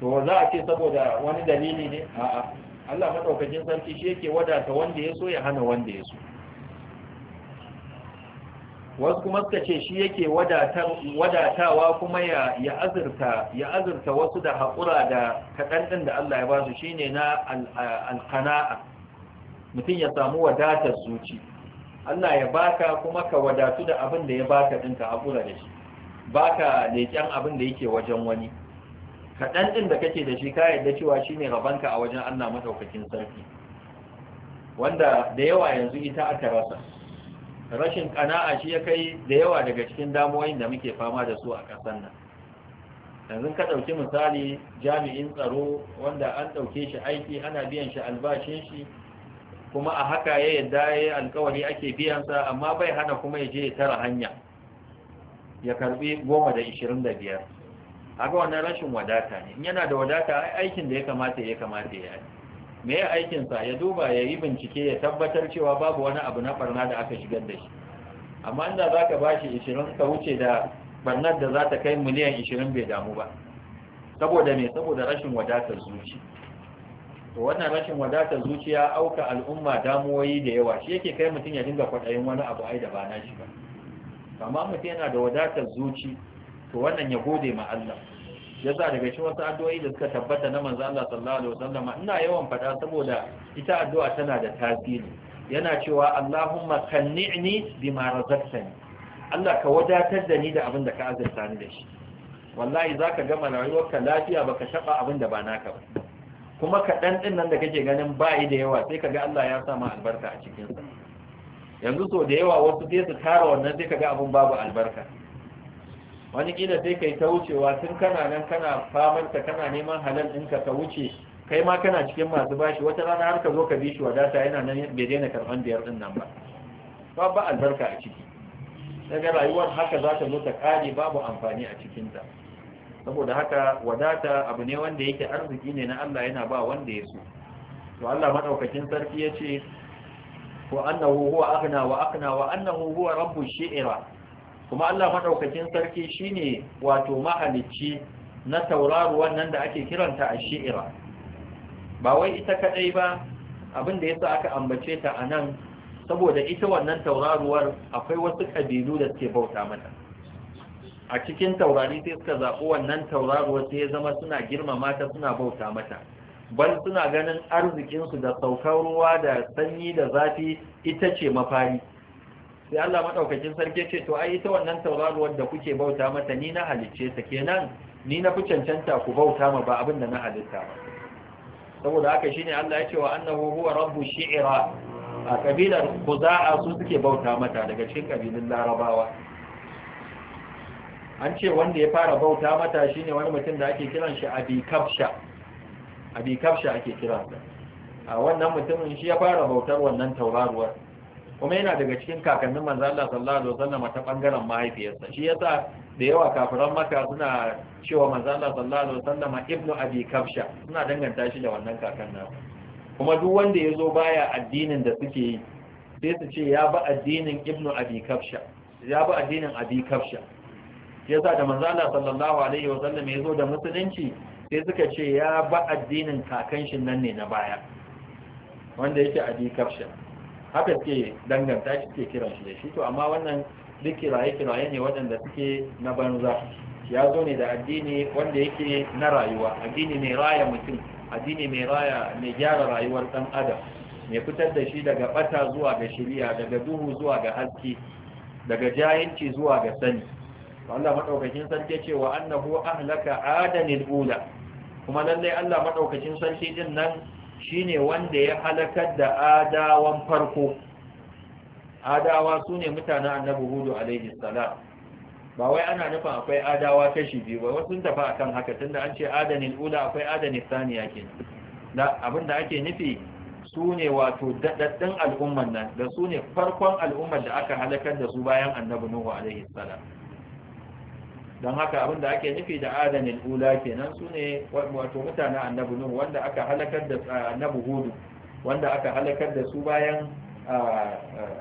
to za a ce saboda wani dalili ne a'a Allah madaukakin sarki shi yake wadata wanda ya so ya hana wanda ya so wasu kuma suka ce shi yake wadatawa kuma ya azurta wasu da haƙura da kaɗan da Allah ya ba su shine na alƙana'a mutum ya samu wadatar zuci Allah ya baka kuma ka wadatu da abin da ya baka ɗin ka haƙura da shi baka leƙen abin da yake wajen wani kaɗan ɗin da kake da shi ka yadda cewa shine rabanka a wajen Allah maɗaukakin sarki wanda da yawa yanzu ita aka rasa rashin kana'a shi ya kai da yawa daga cikin damuwoyin da muke fama da su a ƙasar nan yanzu ka ɗauki misali jami'in tsaro wanda an ɗauke shi aiki ana biyan shi albashin shi kuma a haka ya yadda ya alkawari ake biyansa amma bai hana kuma ya je ya tara hanya ya karbi goma da ishirin da biyar haka wannan rashin wadata ne yana da wadata aikin da ya kamata ya kamata ya yi me ya sa ya duba ya yi bincike ya tabbatar cewa babu wani abu na barna da aka shigar da shi amma inda za ka bashi ka wuce da barnar da za ta kai miliyan ishirin bai damu ba saboda me saboda rashin wadatar zuci to wannan rashin wadatar zuciya auka al'umma damuwoyi da yawa shi yake kai mutum ya dinga kwaɗayin wani abu ai da ba na shi ba amma mutum yana da wadatar zuci to wannan ya gode ma Allah yasa daga cikin wasu addu'o'i da suka tabbata na manzo Allah sallallahu alaihi wasallam ina yawan faɗa saboda ita addu'a tana da tasiri yana cewa Allahumma kanni'ni bima razaqtani Allah ka wadatar da ni da abin da ka azurta ni da shi wallahi zaka gama rayuwarka lafiya baka shaba abin da ba naka ba kuma kaɗan ɗin nan da kake ganin yi da yawa sai kaga Allah ya sa ma albarka a cikin sa yanzu so da yawa wasu sai su tara wannan sai kaga abin babu albarka wani kila sai kai ta wucewa tun kana nan kana famarta kana neman halal ɗinka ka wuce kai ma kana cikin masu bashi wata rana har ka zo ka bi shi wadata yana nan bai daina karɓar biyar ɗin nan ba babu albarka a ciki daga rayuwar haka za ta zo ta ƙare babu amfani a cikinta saboda haka wadata abu ne wanda yake arziki ne na Allah yana ba wanda ya so to Allah madaukakin sarki ya ce wa annahu huwa aghna wa aqna wa annahu huwa rabbu shi'ra kuma Allah madaukakin sarki shine wato mahalicci na tauraru wannan da ake kiranta a shi'ira ba wai ita kadai ba abin da yasa aka ambace ta anan saboda ita wannan tauraruwar akwai wasu kabilu da suke bauta mata a cikin taurari sai suka zaɓi wannan tauraruwar sai ya zama suna girmama ta suna bauta mata bal suna ganin arzikinsu da saukar ruwa da sanyi da zafi ita ce mafari sai Allah madaukakin sarki ce to ai ita wannan tauraruwar da kuke bauta mata ni na halicce ta kenan ni na cancanta ku bauta ma ba abin da na halitta ba saboda haka shine Allah ya ce wa annahu huwa rabbu shi'ira a kabilar kuza'a su suke bauta mata daga cikin kabilun larabawa an ce wanda ya fara bauta mata shine wani mutum da ake kiran shi abi kafsha abi kafsha ake kiransa a wannan mutumin shi ya fara bautar wannan tauraruwar kuma yana daga cikin kakannin manzo Allah sallallahu alaihi wasallam ta bangaren mahaifiyarsa shi yasa da yawa kafiran maka suna cewa manzo Allah sallallahu alaihi wasallam ibnu abi kafsha suna danganta shi da wannan kakan nan kuma duk wanda yazo baya addinin da suke yi sai su ce ya ba addinin ibnu abi kafsha ya ba addinin abi kafsha yasa da manzo Allah sallallahu alaihi wasallam yazo da musulunci sai suka ce ya ba addinin kakan shin nan ne na baya wanda yake abi kafsha haka ke danganta shi ke kiran shi da shi to amma wannan duk kiraye-kiraye ne waɗanda suke na banza ya zo ne da addini wanda yake na rayuwa addini mai raya mutum addini mai raya mai gyara rayuwar ɗan adam mai fitar da shi daga ɓata zuwa ga shirya daga duhu zuwa ga haske daga jayinci zuwa ga sani Allah maɗaukakin sarki ce wa annahu ahlaka adanil ula kuma lallai Allah maɗaukakin sarki din nan shine wanda ya halakar da adawan farko adawa su ne mutanen annabi hudu alaihi salam ba wai ana nufin akwai adawa kashi biyu ba wasu tafi akan haka tunda an ce adanin ula akwai adanin saniya ke da abinda ake nufi su ne wato daɗaɗɗin al'umman nan da su ne farkon al'ummar da aka halakar da su bayan annabi nuhu alaihi salam don haka abin da ake nufi da adanin ula kenan su ne wato mutane annabi nuhu wanda aka halakar da annabi hudu wanda aka halakar da su bayan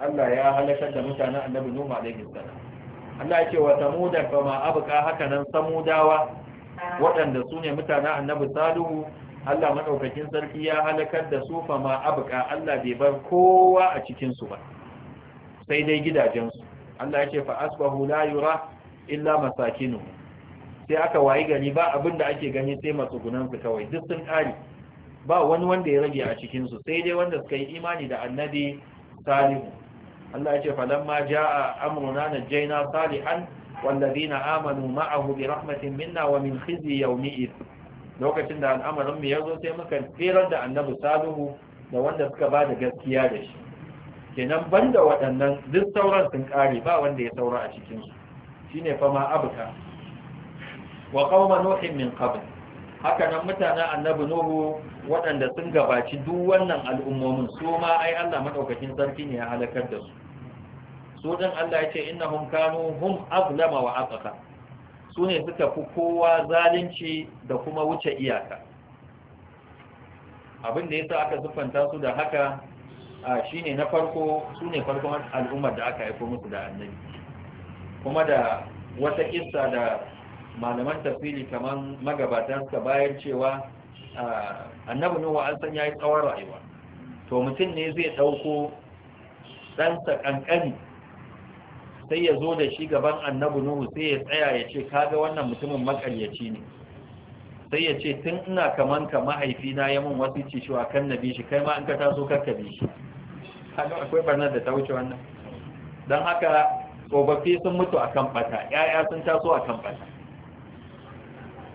Allah ya halakar da mutane annabi nuhu alaihi salam Allah ya ce wa samuda fa ma abqa haka nan samudawa waɗanda su ne mutane annabi salihu Allah madaukakin sarki ya halakar da su fa ma abqa Allah bai bar kowa a cikin su ba sai dai gidajensu Allah ya ce fa asbahu la yura illa masakinu sai aka wayi gani ba abin da ake gani sai matsugunansu kawai duk sun ƙari ba wani wanda ya rage a cikinsu sai dai wanda suka yi imani da annabi salihu Allah ya ce falamma jaa amruna najjayna salihan والذين آمنوا معه برحمة منا ومن yaumi يومئذ lokacin da al'amarin mu yazo sai muka tsira da annabi salihu da wanda suka ba da gaskiya da shi kenan banda waɗannan duk sauran sun kare ba wanda ya saura a cikinsu. shine fa ma abuka wa qauma nuhin min qabl haka nan mutanen annabi nuhu waɗanda sun gabaci duk wannan al'ummomin su ma ai Allah madaukakin sarki ne ya halakar da su su din Allah ya ce innahum kanu hum azlama wa atqa su ne suka fi kowa zalunci da kuma wuce iyaka abin da yasa aka zufanta su da haka shine na farko su ne farkon al'ummar da aka haifo musu da annabi kuma da wata kissa da malaman tafsiri kaman magabatansa bayan cewa annabi nuhu an san yayi tsawon rayuwa to mutum ne zai dauko ɗansa kankani sai ya zo da shi gaban annabi nuhu sai ya tsaya ya ce kaga wannan mutumin makaryaci ne sai ya ce tun ina kaman ka mahaifina ya mun wasu ci shi kan nabi shi kai ma in ka taso kakka bi shi akwai barnar da ta wuce wannan don haka tsofaffi sun mutu a kan ɓata, ‘ya'ya sun taso a kan ɓata.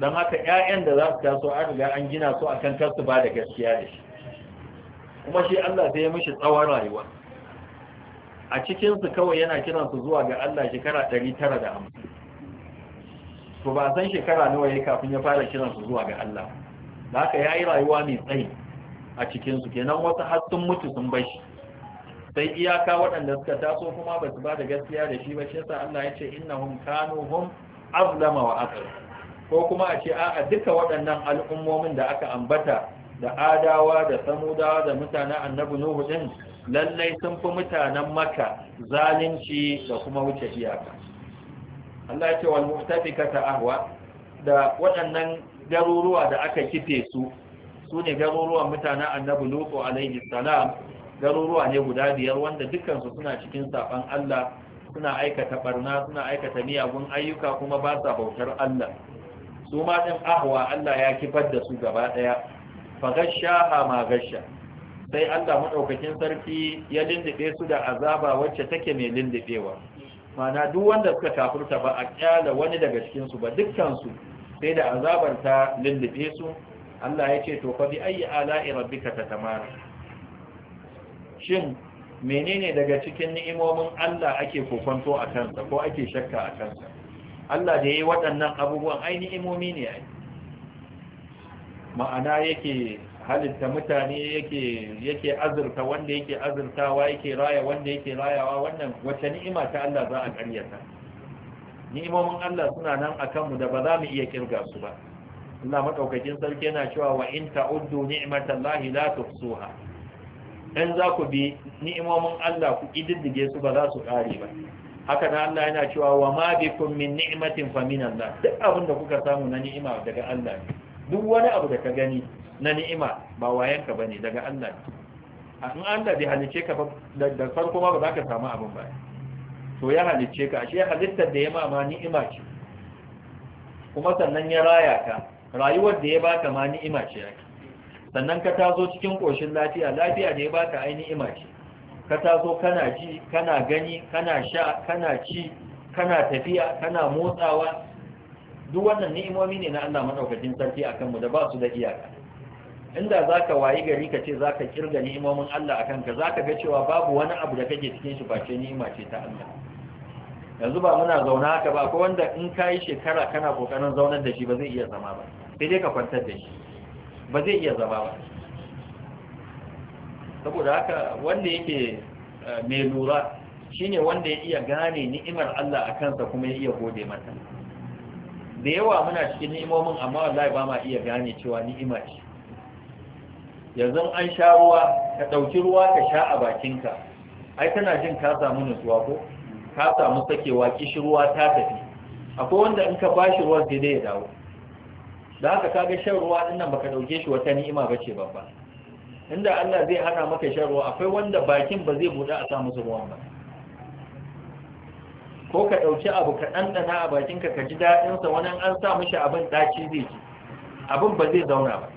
don haka ‘ya'yan da za su taso an riga an gina su a kan kasu ba da gaskiya da shi kuma shi Allah sai ya mishi tsawon rayuwa a cikinsu kawai yana kiransu zuwa ga Allah shekara 950 to ba san shekara nawa ya kafin ya fara kiransu zuwa ga Allah da haka ya yi rayuwa mai tsayi a cikinsu kenan wasu har sun mutu sun bashi sai iyaka waɗanda suka taso kuma ba su ba da gaskiya da shi ba shi yasa Allah ya ce hum kanu hum azlama wa aqra ko kuma a ce a'a duka waɗannan al'ummomin da aka ambata da adawa da samudawa da mutanen annabi nuhu din lallai sun fi mutanen maka zalunci da kuma wuce iyaka Allah ya ce wal mu'tafikata ahwa da waɗannan garuruwa da aka kife su su ne garuruwan mutanen annabi nuhu alaihi salam garuruwa ne guda biyar wanda dukansu suna cikin saban Allah suna aikata barna suna aikata miyagun ayyuka kuma ba sa bautar Allah su ma din ahwa Allah ya kifar da su gaba daya fa ha ma gasha sai Allah madaukakin sarki ya lindube su da azaba wacce take mai lindubewa mana duk wanda suka kafurta ba a kyala wani daga cikin su ba dukkan sai da azabar ta lindube su Allah ya ce to fa bi ayi ala'i rabbika tatamara shin menene daga cikin ni'imomin Allah ake kokonto a kansa ko ake shakka a kansa Allah da ya yi waɗannan abubuwan ai ni'imomi ne ai ma'ana yake halitta mutane yake yake azurta wanda yake azurtawa yake raya wanda yake rayawa wannan wacce ni'ima ta Allah za a ƙaryata ni'imomin Allah suna nan a kanmu da ba za mu iya kirga su ba Allah maɗaukakin sarki yana cewa wa in ta'uddu ni'matallahi la tuhsuha In za ku bi ni'imomin Allah ku kididdige su ba za su kare ba haka nan Allah yana cewa wa ma bikum min ni'matin fa min Allah duk abin da kuka samu na ni'ima daga Allah ne duk wani abu da ka gani na ni'ima ba wayanka bane daga Allah ne in Allah bai halice ka da farko ma ba za ka samu abin ba to ya halice ka ashe halittar da ya ma ma ni'ima ce kuma sannan ya raya ka rayuwar da ya baka ma ni'ima ce yake sannan ka tazo cikin ƙoshin lafiya lafiya da ya baka ainihin ce ka taso kana ji kana gani kana sha kana ci kana tafiya kana motsawa duk wannan ni'imomi ne na Allah madaukakin sarki akan mu da ba su da iyaka inda zaka wayi gari ka ce zaka kirga ni'imomin Allah akan ka zaka ga cewa babu wani abu da kake cikin shi ba ce ni'ima ce ta Allah yanzu ba muna zauna haka ba ko wanda in kayi shekara kana kokarin zaunar da shi ba zai iya zama ba sai dai ka kwantar da shi ba zai iya zama ba saboda haka wanda yake eh, mai lura shine wanda ya iya gane ni'imar Allah a kansa kuma ya iya gode mata da yawa muna cikin ni'imomin amma wallahi ba ma iya gane cewa ni'ima ce yanzu an sha ruwa ka ɗauki ruwa ka sha a bakinka ai tana jin ka samu nutsuwa ko ka samu sakewa kishi ruwa ta tafi akwai wanda in ka bashi ruwan sai dai ya dawo da haka ka ga shan ruwa dinnan ba baka dauke shi wata ni'ima bace babba inda Allah zai hana maka shan ruwa akwai wanda bakin ba zai buɗe a sa musu ruwan ba ko ka dauki abu ka dandana a bakinka ka ji dadin sa wani an sa mishi abin daci zai ji, abin ba zai zauna ba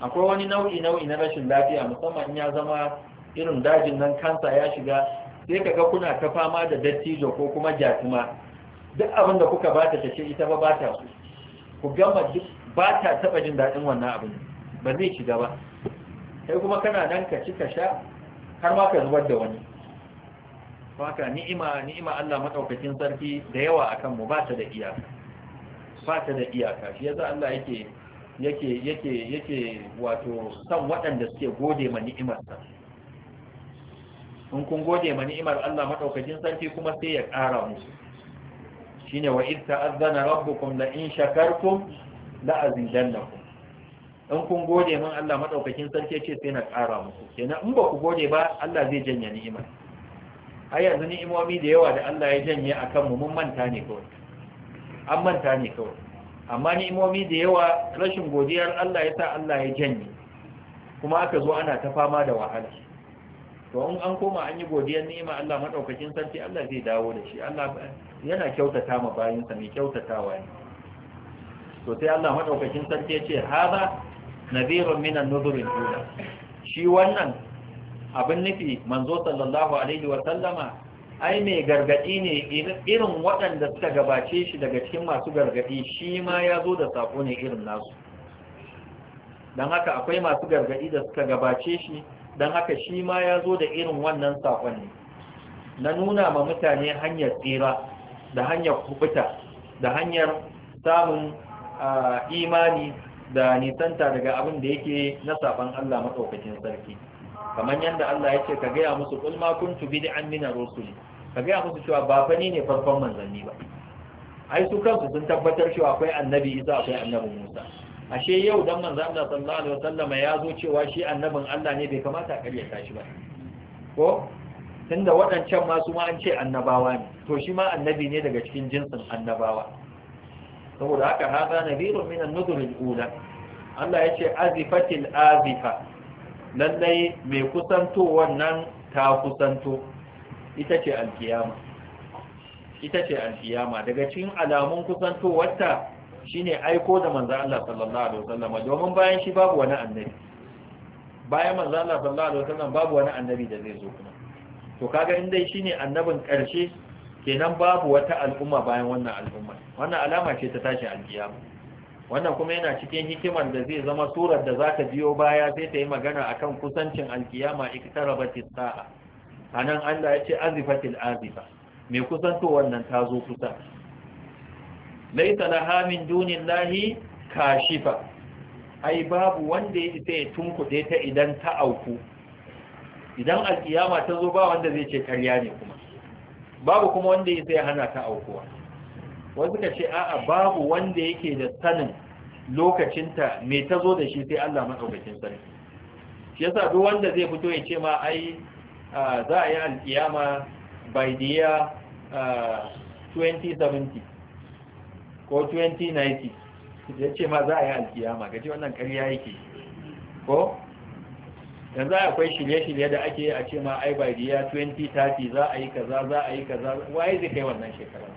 akwai wani nau'i nau'i na rashin lafiya musamman in ya zama irin dajin nan kansa ya shiga sai kaga kuna ta fama da dattijo ko kuma jatuma duk abin da kuka bata ta ce ita ba bata su ku gama duk ba ta taɓa jin daɗin wannan abin ba zai shiga ba sai kuma kana nan ka ci ka sha har ma ka zubar da wani haka ni'ima ni'ima Allah madaukakin sarki da yawa akan mu ba ta da iyaka ba ta da iyaka shi yasa Allah yake yake yake yake wato san waɗanda suke gode ma ni'imar sa in kun gode ma ni'imar Allah madaukakin sarki kuma sai ya ƙara musu Shi ne wa idh ta'azzana rabbukum la in shakartum la azidannakum in kun gode min Allah madaukakin sarki ce sai na ƙara muku kenan in ba ku gode ba Allah zai janye ni'ima ai yanzu ni'imomi da yawa da Allah ya janye akan mu mun manta ne kawai an manta ne kawai amma ni'imomi da yawa rashin godiyar Allah ya sa Allah ya janye kuma aka zo ana ta fama da wahala to in an koma an yi godiyar ni'ima Allah madaukakin sarki Allah zai dawo da shi Allah yana kyautata ma bayinsa mai kyautatawa ne to sai Allah madaukakin sarki ya ce haza nadhirun min an-nuzur al-ula shi wannan abin nufi manzo sallallahu alaihi wa sallama ai mai gargadi ne irin waɗanda suka gabace shi daga cikin masu gargadi shi ma ya zo da sako ne irin nasu don haka akwai masu gargadi da suka gabace shi don haka shi ma ya zo da irin wannan saƙon ne na nuna ma mutane hanyar tsira da hanyar kubuta da hanyar samun imani da nisanta daga abin da yake na saban Allah maɗaukacin sarki kamar yadda Allah ya ka gaya musu kulma kuntu bi min ar-rusuli ka gaya musu cewa ba fani ne farkon manzanni ba ai su kansu sun tabbatar cewa akwai annabi Isa akwai annabi Musa ashe yau dan manzo Allah sallallahu alaihi wasallam ya zo cewa shi annabin Allah ne bai kamata a karyata shi ba ko tunda waɗancan ma su ma an ce annabawa ne to shi ma annabi ne daga cikin jinsin annabawa saboda haka haza nabiru min an-nuzur al-ula Allah ya ce azifatil azifa lallai mai kusanto nan ta kusanto ita ce alkiyama ita ce alkiyama daga cikin alamun kusantowarta shine aiko da manzo Allah sallallahu alaihi wasallam domin bayan shi babu wani annabi bayan manzo Allah sallallahu alaihi wasallam babu wani annabi da zai zo kuma to kaga in dai shine annabin karshe kenan babu wata al'umma bayan wannan al'umma wannan alama ce ta tashi alkiyama wannan kuma yana cikin hikimar da zai zama surar da zaka biyo baya sai ta yi magana akan kusancin alkiyama iktarabatis sa'a anan Allah ya ce azifatil azifa mai kusantowar wannan ta zo kusa laita laha min lahi kashifa ai babu wanda ya isa ya tunkuɗe ta idan ta auku idan alkiyama ta zo ba wanda zai ce karya ne kuma babu kuma wanda ya isa ya hana ta aukuwa wasu suka ce a'a babu wanda yake da sanin lokacinta mai ta zo da shi sai Allah maɗaukakin sarki shi yasa duk wanda zai fito ya ce ma ai za a yi alkiyama by the year 2070 ko 2090 ya ce ma za a yi alkiyama gaji wannan karya yake ko yanzu akwai shirye-shirye da ake a ce ma ai by the year 2030 za a yi kaza za a yi kaza waye zai kai wannan shekarar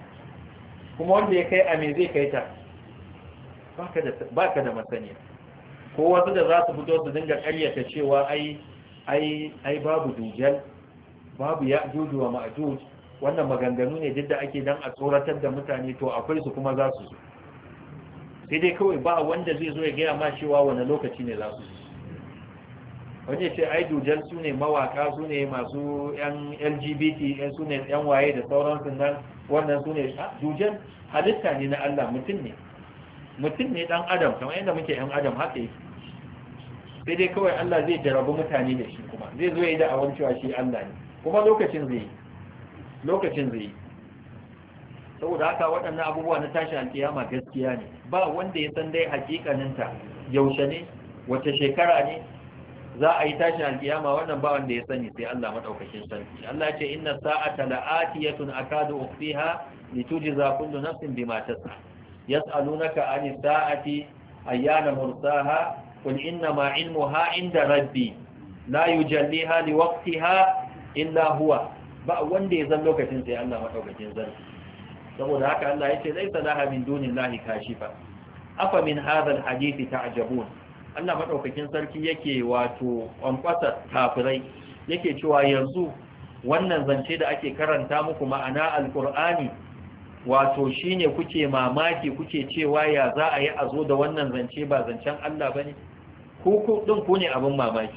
kuma wanda ya kai ame zai kai ta ba ka da masaniya ko wasu da za su fito su dinga karyata cewa ai babu dujel babu ya jujuwa ma'ajuj wannan maganganu ne duk da ake dan a tsoratar da mutane to akwai su kuma za su zo sai dai kawai ba wanda zai zo ya gaya ma cewa wani lokaci ne za su zo wani ce ai dujan su ne mawaka su ne masu yan lgbt yan su ne yan waye da su nan wannan su ne dujan halitta ne na allah mutum ne mutum ne dan adam kamar yadda muke yan adam haka yake sai dai kawai allah zai jarabi mutane da shi kuma zai zo ya yi da'awar cewa shi allah ne kuma lokacin zai yi lokacin zai saboda haka waɗannan abubuwa na tashi alkiyama gaskiya ne ba wanda ya san dai hakikaninta yaushe ne wace shekara ne za a yi tashin alkiyama wannan ba wanda ya sani sai Allah madaukakin sarki Allah ya ce inna sa'ata la'atiyatun akadu ukhfiha litujza kullu nafsin bima tas'a yas'alunaka 'ani sa'ati ayyana mursaha qul inna ma 'ilmuha 'inda rabbi la yujalliha liwaqtiha illa huwa ba wanda ya zan lokacin sai Allah madaukakin zarfi saboda haka Allah yace laisa laha min dunillahi kashifa afa min hadha alhadith ta'jabun Allah madaukakin sarki yake wato kwankwasa kafirai yake cewa yanzu wannan zance da ake karanta muku ma'ana alkur'ani wato shine kuke mamaki kuke cewa ya za a yi a zo da wannan zance ba zancen Allah bane ku ku din ku ne abin mamaki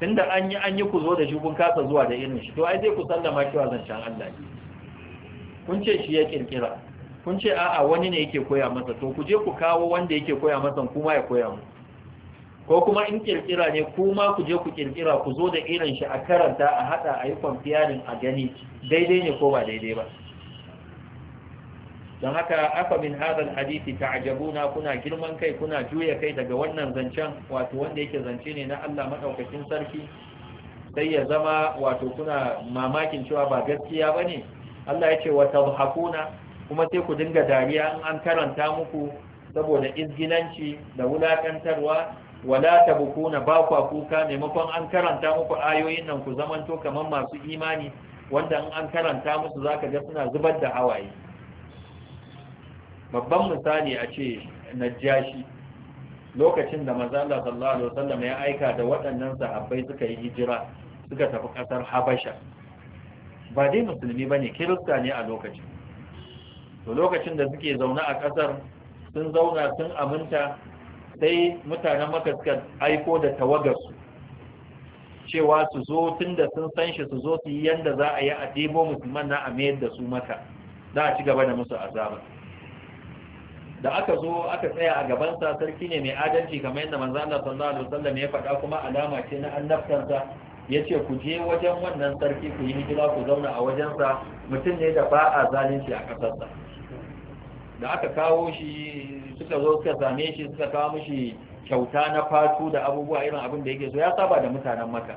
tunda an yi an yi ku zo da shi kun kasa zuwa da irin shi to ai zai ku sallama cewa zancen Allah ne kun ce shi ya kirkira kun ce a'a wani ne yake koya masa to ku je ku kawo wanda yake koya masa kuma ya koya mu ko kuma in kirkira ne kuma ku je ku kirkira ku zo da irin shi a karanta a hada a yi kwamfiyarin a gani daidai ne ko ba daidai ba don haka afa min hadal hadisi ta'jabuna kuna girman kai kuna juya kai daga wannan zancen wato wanda yake zance ne na Allah madaukakin sarki sai ya zama wato kuna mamakin cewa ba gaskiya bane Allah ya ce wa tabhakuna kuma sai ku dinga dariya in an karanta muku saboda izginanci da wulakantarwa wala tabkuna ba ku kuka maimakon an karanta muku ayoyin nan ku zamanto kaman masu imani wanda in an karanta musu zaka ga suna zubar da hawaye babban misali a ce najashi lokacin da mazala sallallahu alaihi wasallam ya aika da waɗannan sahabbai suka yi hijira suka tafi ƙasar habasha ba dai musulmi ba ne kirista ne a lokacin to lokacin da suke zaune a ƙasar sun zauna sun aminta sai mutanen maka suka aiko da tawagarsu cewa su zo tun da sun san shi su zo su yi yadda za a yi a debo musulman na a mayar da su maka za a ci gaba da musu azaba da aka zo aka tsaya a gabansa sarki ne mai adalci kamar yadda manzo Allah sallallahu alaihi wasallam ya faɗa kuma alama ce na annabtansa yace ku je wajen wannan sarki ku yi hijira ku zauna a wajensa mutum ne da ba a zalunci a sa da aka kawo shi suka zo suka same shi suka kawo mishi kyauta na fatu da abubuwa irin abin da yake so ya saba da mutanen maka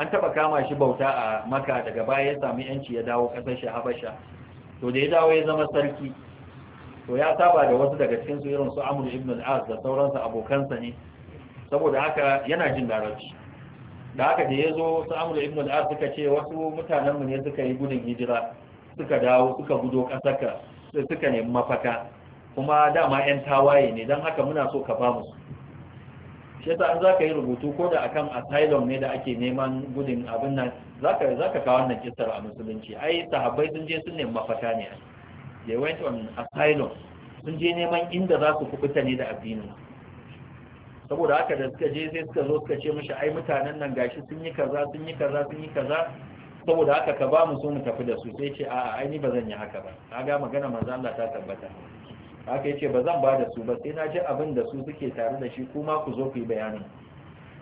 an taba kama shi bauta a maka daga baya ya samu yanci ya dawo kasar shi habasha to da ya dawo ya zama sarki to ya saba da wasu daga cikin su irin su Amr ibn al-As da sauransa abokansa ne saboda haka yana jin larabci da haka da yazo su Amr ibn al-As suka ce wasu mutanen mu ne suka yi gudun hijira suka dawo suka gudo kasaka suka nemi mafaka kuma dama yan tawaye ne dan haka muna so ka bamu shi yasa an zaka yi rubutu ko da akan asylum ne da ake neman gudun abin nan zaka zaka kawo wannan kissar a musulunci ai sahabbai sun je sun nemi mafaka ne they went on asylum sun je neman inda za su kubuta ne da addini saboda haka da suka je sai suka zo suka ce mishi ai mutanen nan gashi sun yi kaza sun yi kaza sun yi kaza saboda haka ka ba mu so mu tafi da su sai ce a'a ai ni ba zan yi haka ba kaga magana manzo Allah ta tabbata haka yace ba zan ba da su ba sai na ji abin da su suke tare da shi kuma ku zo ku yi bayanin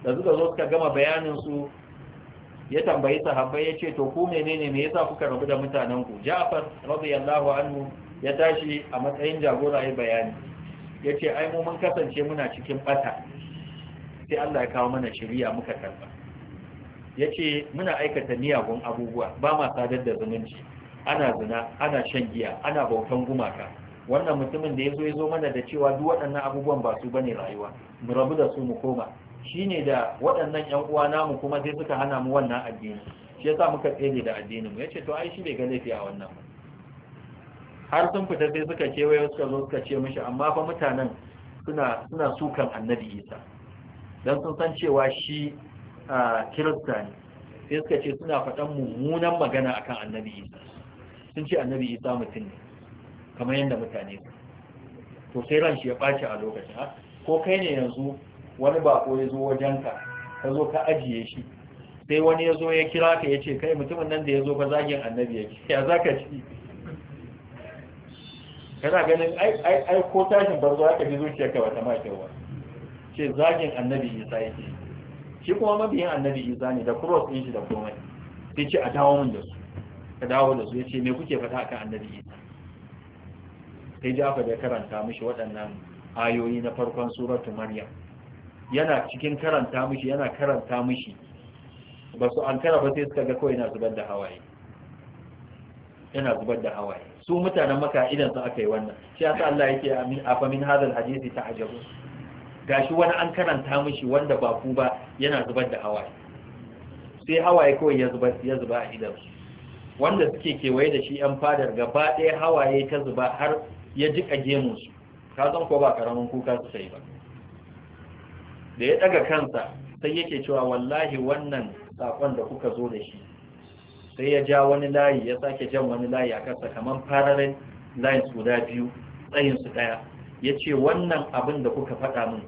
da suka zo suka gama bayanin su ya tambayi sahabbai ya ce to ku menene me yasa kuka rabu da mutanen ku Ja'far radiyallahu anhu ya tashi a matsayin jagora ya bayani yace ai mu mun kasance muna cikin bata sai Allah ya kawo mana shari'a muka karba yace muna aikata miyagun abubuwa ba ma sadar da zumunci ana zina ana shan giya ana bautan gumaka wannan mutumin da yazo yazo mana da cewa duk waɗannan abubuwan ba su bane rayuwa mu rabu da su mu koma Shi ne da waɗannan 'yan uwa namu kuma sai suka hana mu wannan addini shi yasa muka tsere da addinin mu yace to ai shi bai ga laifi a wannan har sun fita sai suka ce wai suka zo suka ce mishi amma fa mutanen suna suna sukan annabi isa dan sun san cewa shi kirista ne sai suka ce suna faɗan mummunan magana akan annabi isa sun ce annabi isa mutum ne kamar yadda mutane to sai ran shi ya ɓaci a lokacin ko kai ne yanzu wani bako ya zo wajenka ka zo ka ajiye shi sai wani ya zo ya kira ka ya ce kai mutumin nan da ya zo ka zagin annabi ya ce ya za ka ci kana ganin ai ko tashin barzo aka ji zuciya ka wata mai kyau ba ce zagin annabi ya ya ce shi kuma mabiyan annabi ya ne da cross din shi da komai sai ce a dawo min da su ka dawo da su ya ce me kuke fata akan annabi isa sai aka da karanta mishi waɗannan ayoyi na farkon suratu maryam yana cikin karanta mishi yana karanta mishi ba su an kara ba sai suka ga kawai yana zubar da hawaye yana zubar da hawaye su mutanen maka idan su aka yi wannan shi yasa Allah yake amin afa min hadal hadisi ta'ajabu gashi wani an karanta mishi wanda ba ku ba yana zubar da hawaye sai hawaye kawai ya zuba ya zuba a idan wanda suke kewaye da shi yan fadar gaba ɗaya hawaye ta zuba har ya jika gemun su ka san ko ba karamin kuka su sai ba da ya daga kansa sai yake cewa wallahi wannan sakon da kuka zo da shi sai ya ja wani layi ya sake jan wani layi a kansa kamar fararen layin guda biyu tsayin su daya ya ce wannan abin da kuka faɗa min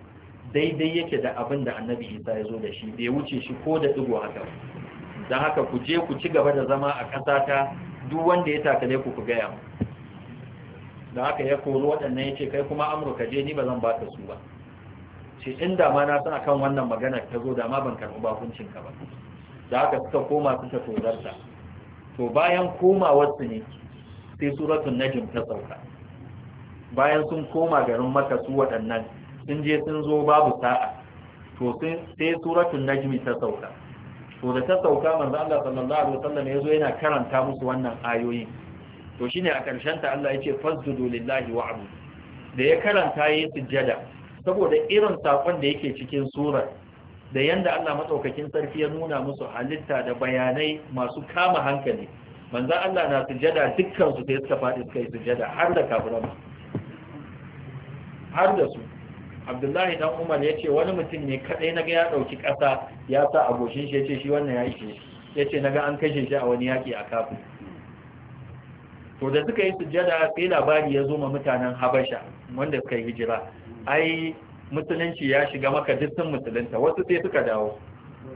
daidai yake da abin da annabi isa ya zo da shi bai wuce shi ko da ɗigo haka don haka ku je ku ci gaba da zama a ƙasata duk wanda ya takale ku ku gaya mu da haka ya kori waɗannan ya ce kai kuma amurka je ni ba zan ba ka su ba ce inda ma na san akan wannan magana ta zo da ma ban karɓi bakuncin ka ba da haka suka koma suka tozarta to bayan wasu ne sai suratul najm ta sauka bayan sun koma garin maka su waɗannan sun je sun zo babu sa'a to sai suratul najmi ta sauka to da ta sauka manzo Allah sallallahu alaihi wasallam yazo yana karanta musu wannan ayoyi to shine a karshen ta Allah yace fasjudu lillahi wa'budu da ya karanta yayin sujjada saboda irin sakon da yake cikin surar da yanda Allah matsaukakin sarki ya nuna musu halitta da bayanai masu kama hankali manzo Allah na sujada dukkan su sai suka fadi suka yi sujada har da kafiran har da su Abdullahi dan Umar yace wani mutum ne kadai naga ya dauki kasa ya sa aboshin shi yace shi wannan ya shi yace naga an kashe shi a wani yaki a kafin to da suka yi sujjada sai labari ya zo ma mutanen habasha wanda suka yi hijira ai musulunci ya shiga maka dukkan musulunta wasu sai suka dawo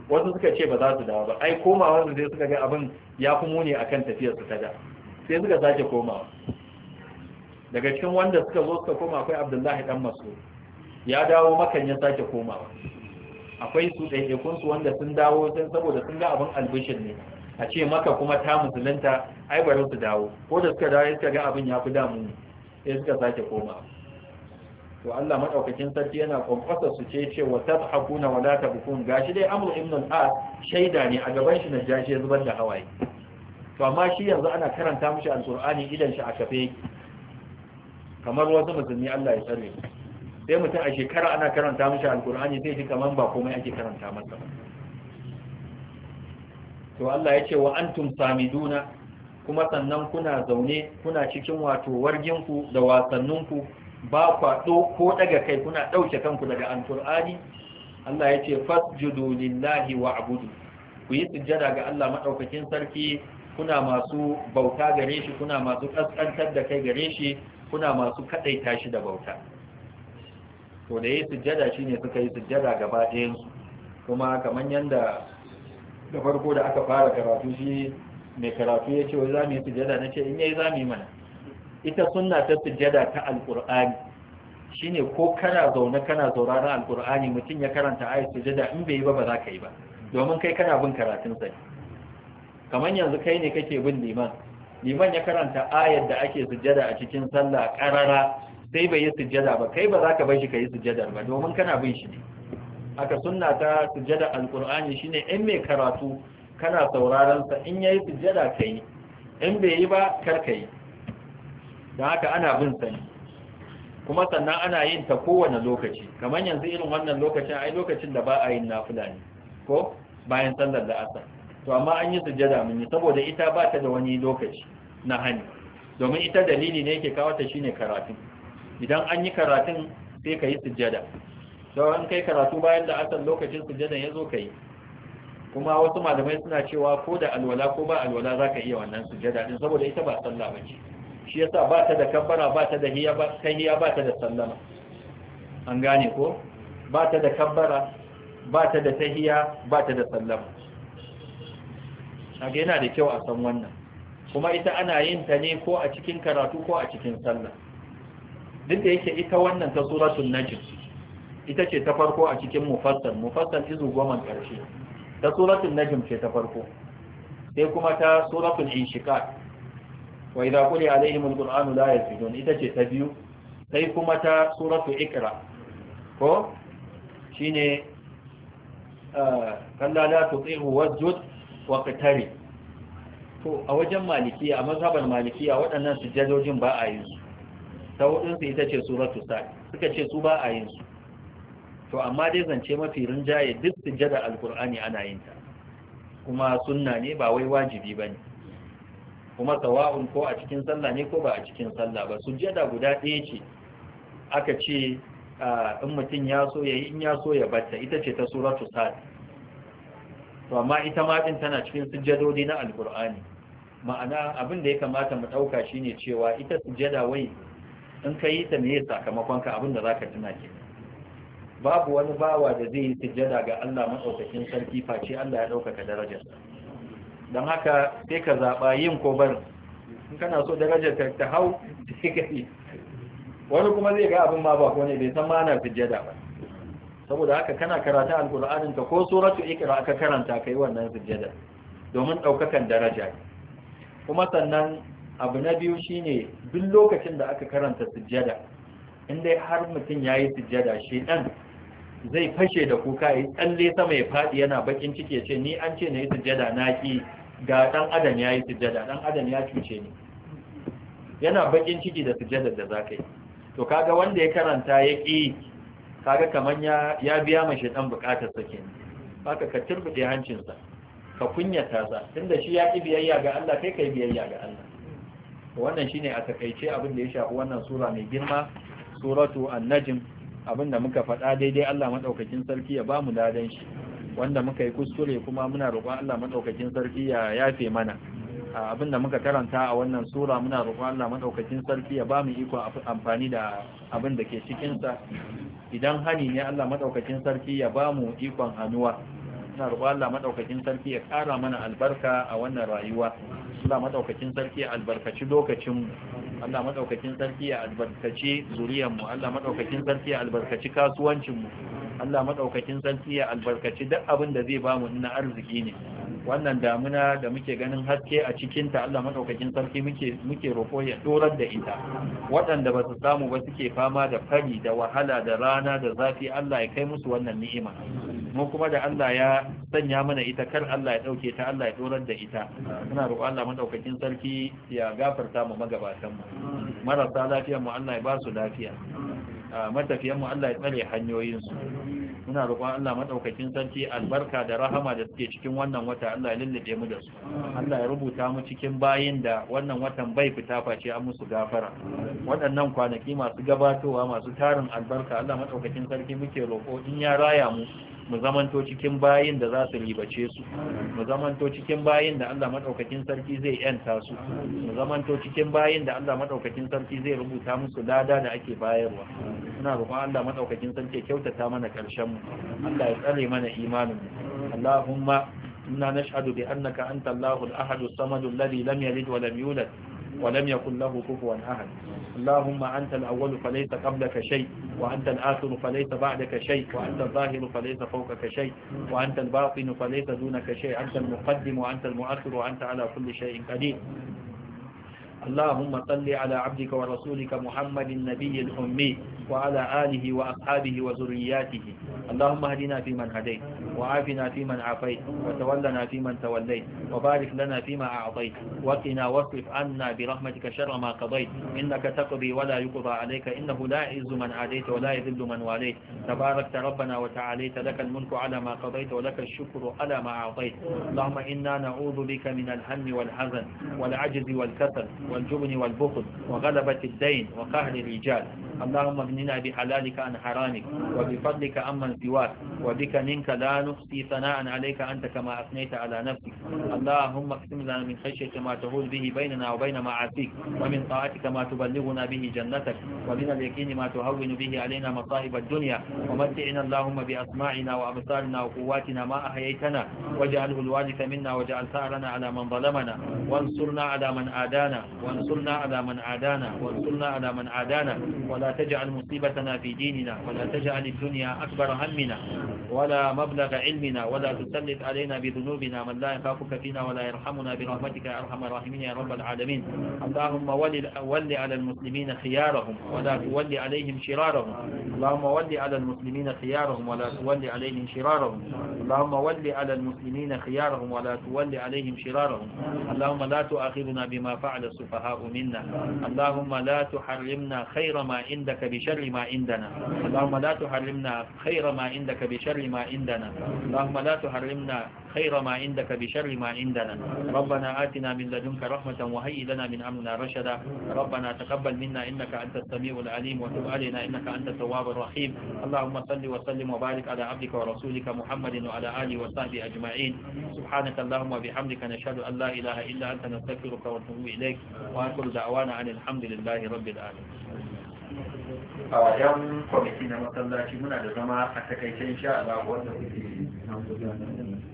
wasu suka ce ba za su dawo ba ai komawa su sai suka ga abin ya fi muni akan tafiyar su ta da sai suka sake komawa daga cikin wanda suka zo suka koma akwai abdullahi dan masu ya dawo makan ya sake komawa akwai su ɗaiɗaikunsu wanda sun dawo sun saboda sun ga abin albishin ne a ce maka kuma ta musulunta ai bari su dawo ko da suka dawo suka ga abin ya fi damu ne sai suka sake koma to Allah madaukakin sarki yana kwankwasa su ce ce wa tabhakuna wa la tabkun gashi dai amru ibn al-as shaida ne a gaban shi najashi ya zubar da hawaye to amma shi yanzu ana karanta mishi alqur'ani idan shi a kafe kamar wasu musulmi Allah ya tsare sai mutum a shekara ana karanta mishi alqur'ani sai shi kaman ba komai ake karanta masa ba to Allah ya ce wa antum samiduna kuma sannan kuna zaune kuna cikin wato warginku da wasanninku ba kwa ko daga kai kuna ɗauke kanku daga alqur'ani Allah ya ce fasjudu lillahi abudu ku yi sujjada ga Allah madaukakin sarki kuna masu bauta gare shi kuna masu kaskantar da kai gare shi kuna masu kadaita shi da bauta to da yi sujjada shine suka yi sujada gaba ɗayan kuma kamar yanda da farko da aka fara karatu shi mai karatu ya ce za mu yi sujada na ce in yai za mu yi mana ita sunna ta sujada ta Shi shine ko kana zaune kana sauraron Alƙur'ani mutum ya karanta ayi sujada in bai yi ba ba za ka yi ba domin kai kana bin karatun sa kamar yanzu kai ne kake bin liman liman ya karanta ayar da ake sujada a cikin sallah karara sai bai yi sujada ba kai ba za ka bar shi ka yi sujadar ba domin kana bin shi ne aka sunna ta sujjada alqur'ani shine in mai karatu kana sauraron sa in yayi sujjada kai in bai yi ba kar kai dan haka ana bin sani kuma sannan ana yin ta kowane lokaci kamar yanzu irin wannan lokacin ai lokacin da ba a yin nafila ne ko bayan sallar da asar to amma an yi sujjada mun yi saboda ita ba ta da wani lokaci na hani domin ita dalili ne yake kawo ta shine karatu idan an yi karatun sai ka yi sujjada an kai karatu bayan da asar lokacin sujada ya zo ka yi kuma wasu malamai suna cewa ko da alwala ko ba alwala za ka iya wannan sujada din saboda ita ba sallah ba ce shi yasa ba ta da kabbara ba ta da hiya ba ta da sallama an gane ko ba ta da kabbara ba ta da tahiya ba ta da sallama haka yana da kyau a san wannan kuma ita ana yin ta ne ko a cikin karatu ko a cikin sallah duk da yake ita wannan ta suratul najm ita ce ta farko a cikin mufassal mufassal izu goma karshe ta suratul najm ce ta farko sai kuma ta suratul inshiqaq wa idza quriya alaihim alquranu la yasjudun ita ce ta biyu sai kuma ta suratul ikra ko shine eh, kalla la tuti'u wasjud waqtari to a wajen maliki a mazhabar a waɗannan sujjadojin ba a yin su ta hudun su ita ce suratul sa'i suka ce su ba a yin su to amma dai zance mafi rinjaye duk sujjada alkur'ani ana yin ta kuma sunna ne ba wai wajibi ba ne kuma sawa'un ko a cikin sallah ne ko ba a cikin sallah ba sujjada guda ɗaya ce aka ce in mutum ya so ya yi in ya so ya batta ita ce ta suratu sa'ad to amma ita ma din tana cikin sujjadodi na alkur'ani ma'ana abin da ya kamata mu ɗauka shine cewa ita sujjada wai in ka yi ta me ka abin da za ka tuna kenan babu wani bawa da zai yi sujjada ga Allah maɗaukakin sarki face Allah ya ɗaukaka darajarsa don haka sai ka zaɓa yin ko bar in kana so darajar ta hau sai ka yi wani kuma zai ga abin ma ba ko ne bai san ma sujada sujjada ba saboda haka kana karata alƙur'anin ka ko suratu ikra aka karanta kai wannan sujjada domin ɗaukakan daraja kuma sannan abu na biyu shine duk lokacin da aka karanta sujjada in dai har mutum ya yi sujjada shedan zai fashe da kuka yi tsalle sama ya faɗi yana bakin ciki ya ce ni an ce na yi sujjada na ki ga ɗan adam ya yi sujjada ɗan adam ya cuce ni yana bakin ciki da sujada da za ka yi to kaga wanda ya karanta ya ƙi kaga kamar ya biya ma ɗan buƙatar sa ni. haka ka turbuɗe hancinsa ka kunyata sa tunda shi ya ƙi biyayya ga Allah kai kai biyayya ga Allah wannan shine a takaice abin da ya shafi wannan sura mai girma suratu an-najm abinda muka faɗa daidai Allah maɗaukakin sarki ya ba mu ladan shi wanda muka yi kuskure kuma muna roƙon Allah maɗaukakin sarki ya yafe mana abinda muka karanta a wannan sura muna roƙon Allah maɗaukakin sarki ya ba mu iko amfani da abin da ke cikin sa idan hani ne Allah maɗaukakin sarki ya ba mu ikon hannuwa Muna roƙon Allah maɗaukakin sarki ya ƙara mana albarka a wannan rayuwa Allah maɗaukakin sarki ya albarkaci lokacin mu Allah madaukakin sarki ya albarkaci zuriyar mu Allah madaukakin sarki ya albarkaci kasuwancin mu Allah madaukakin sarki ya albarkaci duk abin da zai bamu na arziki ne wannan damuna da muke ganin haske a cikin ta Allah madaukakin sarki muke muke ya dorar da ita waɗanda ba su samu ba suke fama da fari da wahala da rana da zafi Allah ya kai musu wannan ni'ima mu kuma da Allah ya sanya mana ita kar Allah ya dauke ta Allah ya dorar da ita muna roƙon Allah madaukakin sarki ya gafarta mu magabatan mu marasa lafiyar mu Allah ya ba su lafiya matafiyan mu Allah ya tsare hanyoyin su muna roƙon Allah madaukakin sarki albarka da rahama da suke cikin wannan wata Allah ya lullube mu da su Allah ya rubuta mu cikin bayin da wannan watan bai fita face an musu gafara waɗannan kwanaki masu gabatowa masu tarin albarka Allah madaukakin sarki muke roƙo in ya raya mu mu zamanto cikin bayin da za su ribace su mu zamanto cikin bayin da Allah madaukakin sarki zai yanta su mu zamanto cikin bayin da Allah madaukakin sarki zai rubuta musu lada da ake bayarwa ina roƙon Allah madaukakin sarki ya kyautata mana karshen mu Allah ya tsare mana imanin mu Allahumma إنا نشهد بأنك أنت الله الأحد الصمد lam yalid wa lam yulad ولم يكن له كفوا أحد اللهم أنت الأول فليس قبلك شيء وأنت الآخر فليس بعدك شيء وأنت الظاهر فليس فوقك شيء وأنت الباطن فليس دونك شيء أنت المقدم وأنت المؤخر وأنت على كل شيء قدير اللهم صل على عبدك ورسولك محمد النبي الأمي وعلى آله وأصحابه وذرياته اللهم اهدنا فيمن هديت وعافنا فيمن عافيت وتولنا فيمن توليت وبارك لنا فيما أعطيت وقنا واصرف عنا برحمتك شر ما قضيت إنك تقضي ولا يقضى عليك إنه لا يعز من عاديت ولا يذل من واليت تباركت ربنا وتعاليت لك الملك على ما قضيت ولك الشكر على ما أعطيت اللهم إنا نعوذ بك من الهم والحزن والعجز والكسل والجبن والبخل وغلبة الدين وقهر الرجال اللهم أغننا بحلالك عن حرامك وبفضلك عمن سواك وبك منك لا نخصي ثناء عليك أنت كما أثنيت على نفسك اللهم اقسم لنا من خشيتك ما تهول به بيننا وبين معافيك ومن طاعتك ما تبلغنا به جنتك ومن اليقين ما تهون به علينا مصائب الدنيا ومتعنا اللهم بأسماعنا وأبصارنا وقواتنا ما أحييتنا واجعله الوارث منا واجعل ثأرنا على من ظلمنا وانصرنا على من عادانا وانصرنا على من عادانا وانصرنا على من عادانا ولا تجعل مصيبتنا في ديننا ولا تجعل الدنيا أكبر همنا ولا مبلغ علمنا ولا تسلط علينا بذنوبنا من لا يخافك فينا ولا يرحمنا برحمتك يا أرحم الراحمين يا رب العالمين اللهم ول, ول على المسلمين خيارهم ولا تول عليهم شرارهم اللهم ول على المسلمين خيارهم ولا تول عليهم شرارهم اللهم ول على المسلمين خيارهم ولا تول عليهم شرارهم اللهم لا تؤاخذنا بما فعل السفهاء منا اللهم لا تحرمنا خير ما عندك بشر شر ما عندنا اللهم لا تحرمنا خير ما عندك بشر ما عندنا اللهم لا تحرمنا خير ما عندك بشر ما عندنا ربنا آتنا من لدنك رحمة وهيئ لنا من أمرنا رشدا ربنا تقبل منا إنك أنت السميع العليم وتب علينا إنك أنت التواب الرحيم اللهم صل وسلم وبارك على عبدك ورسولك محمد وعلى آله وصحبه أجمعين سبحانك اللهم وبحمدك نشهد أن لا إله إلا أنت نستغفرك ونتوب إليك وأكل دعوانا عن الحمد لله رب العالمين a wajen kwamiti na masallaci muna da zama a takaicen insha wanda kuke